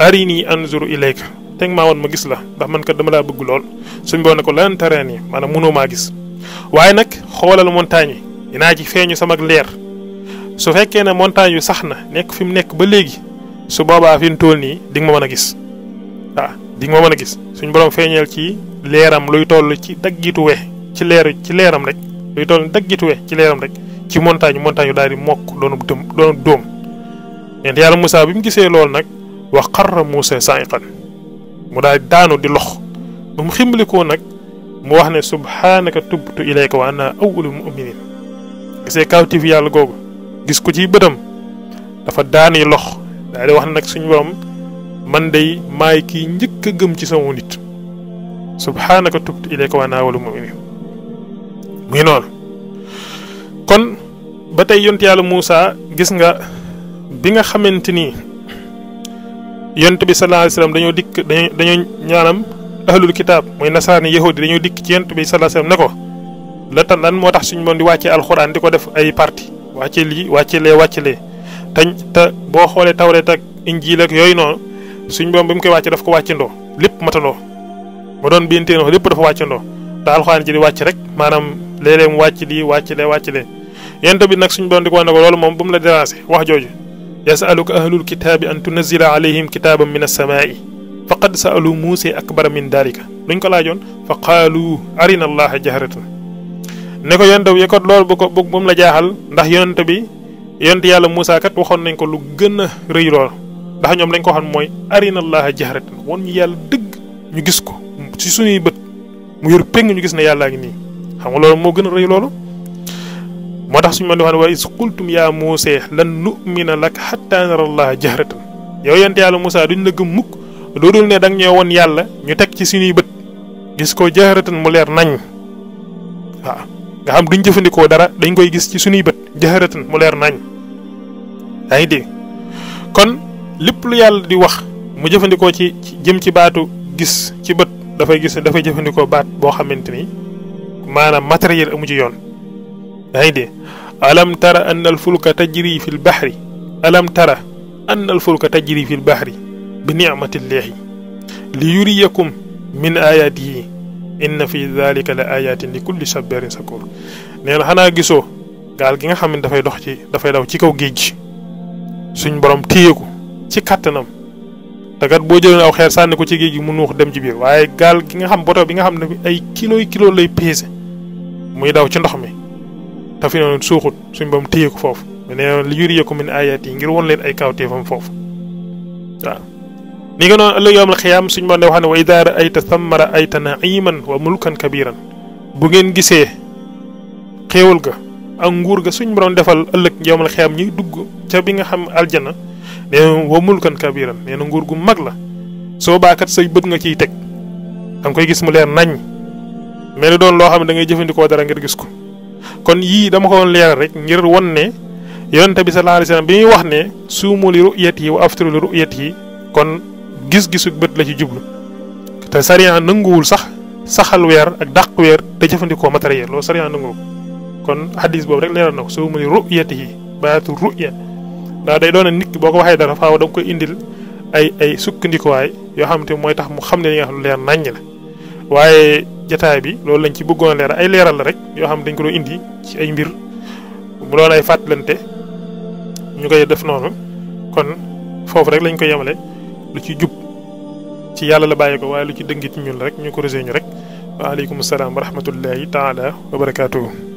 arini anzur ilayka teg maa woon ma gis la ndax man kat dama laa bëgg lool suñ boo ne ko lan tareen yi maanaam mënoo maa gis waaye nag xoolal montagne yi dinaa ci feeñu sama leer su fekkee ne montagne yu sax na nekk fi mu nekk ba léegi su boobaa fi mu nii di ma mën a gis di nga mën a gis suñ borom feeñeel ci leeram luy toll ci daggitu we ci leer ci leeram rek luy toll daggitu we ci leeram rek ci montagne montagne yu daal di mokk doonu dëm doonu dóom yàlla musaa bi mu gisee loolu nag. wax xarra Muusa saaiqan mu daal daanu di lox ba mu ximbalikoo nag mu wax ne subhaanaka tubtu ilayka wa ana awwalu muminin gisee kawtif yàlla googu gis ko ci bëtam dafa daani lox daal di wax ne nag suñ borom man day maay kii njëkk a gëm ci sama nit subhaanaka tubtu ilayka wa ana awwalu muminin muy noonu kon ba tey yont yàlla Muusa gis nga bi nga xamante ni yonent bi sallallahu alayhi wasallam dañoo dikk dañoo dañoo ñaanam ahlul kitaab mooy nasaani yahudi dañoo dikk ci yonent bi sallallahu alayhi wasallam ne ko la tan lan moo tax suñu moom di wàccee alxuraan di ko def ay parti wàcce lii wàcce lee wàcce tañ te boo xoolee tawreet ak injiil ak yooyu noonu suñ boom bi mu koy wàcce def ko wàccandoo lépp matandoo moo doon bientee no lépp dafa wàccandoo te alxuraan ji di wàcc rek maanaam léeg-léeg mu wàcc lii wàcc lee wàcc lee bi nag suñ boom di ko wax ne moom bu la déranger wax jooju يسألك أهل الكتاب أن تنزل عليهم كتابا من السماء فقد سألوا موسى أكبر من ذلك لنكو لاجون فقالوا أرنا الله جهرة نكو يندو يكود لول بوك بوك بوم لا جاهال ndax yonent bi yonent yalla Musa kat waxon nañ ko lu gëna reuy lool ndax ñom lañ ko xon moy arina Allah jahrat won ñu yalla deug ñu gis ko ci suñuy bëtt mu yor peng ñu gis na yalla ngi ni xam nga loolu mo gëna reuy loolu moo tax suñu mën di wax ne wa is qultum yaa Muusaa lan nu'mina lak xattaa nara Allaha jahratan yow yonent yàlla Muusaa duñ la gëm mukk loodul ne danga ñoo woon yàlla ñu teg ci suñuy bët gis ko jahratan mu leer nañ waaw nga xam duñ jëfandikoo dara dañ koy gis ci suñuy bët jahratan mu leer nañ yaa ngi di kon lépp lu yàlla di wax mu jëfandikoo ci jëm ci baatu gis ci bët dafay gis dafay jëfandikoo baat boo xamante ni maanaam matériel amu ci yoon. yaa ngi dee alam tara anna al fulka tajri fi l baxri alam tara anna al fulka tajri fi l baxri bi nicmatillahi li yuriyakum min ayaatihi inna fi dalika la ayatin li kulli sabarin sakur nee na xanaa gisoo gaal gi nga xam ne dafay dox ci dafay daw ci kaw géej gi suñ borom téye ko ci kattanam te kat boo jëloon aw xeer sànni ko ci géej gi mu nuux dem ci biir waaye gaal gi nga xam boto bi nga xam ne ay kilo kilo lay peese muy daw ci ndox mi tafina non suxut suñ bam téye ko foofu ne li yuri yakum min ayati ngir won len ay fam foofu wa ni nga noonu ëllëg yowmal xiyaam suñ mo ne wax wa idara raayta thamma raayta naiman wa mulkan kabiran bu ngeen gisee xewul ga ak nguur ga suñ borom defal ëllëg yowmal xiyaam ñi dugg ca bi nga xam aljana ne wa mulkan kabiran ne na nguur gu mag la ba kat sey bëgg nga ci tek da koy gis mu leer nañ mel doon lo xam da ngay jëfëndiko dara ngir gis ko kon yii dama ko doon leeral rek ngir won ne yonente bi sallallahu alayhi bi muy wax ne suumu li ru'yat yi wa aftiru li ru'yat yi kon gis-gisu bët la ci jublu te sariya nanguwul sax saxal weer ak dàq weer te jëfandikoo materiel loolu sariya nanguwul kon hadis boobu rek leeral na ko suumu li ru'yat yi baatu ru'ya daa day doon nit ki boo ko waxee dara faaw da nga koy indil ay ay sukkandikuwaay yoo xam mooy tax mu xam ne li nga xam lu leer naññ la jataay bi loolu lañ ci bëggoon a leeral ay leeral la rek yoo xam dañ ko doon indi ci ay mbir mu doon ay fàttalante ñu koy def noonu kon foofu rek lañ koy yemale lu ci jub ci yàlla la bàyyi ko waaye lu ci dëngit ñun rek ñu ko corrigé ñu rek waaleykum salaam wa rahmatullahi taala wa barakaatuhu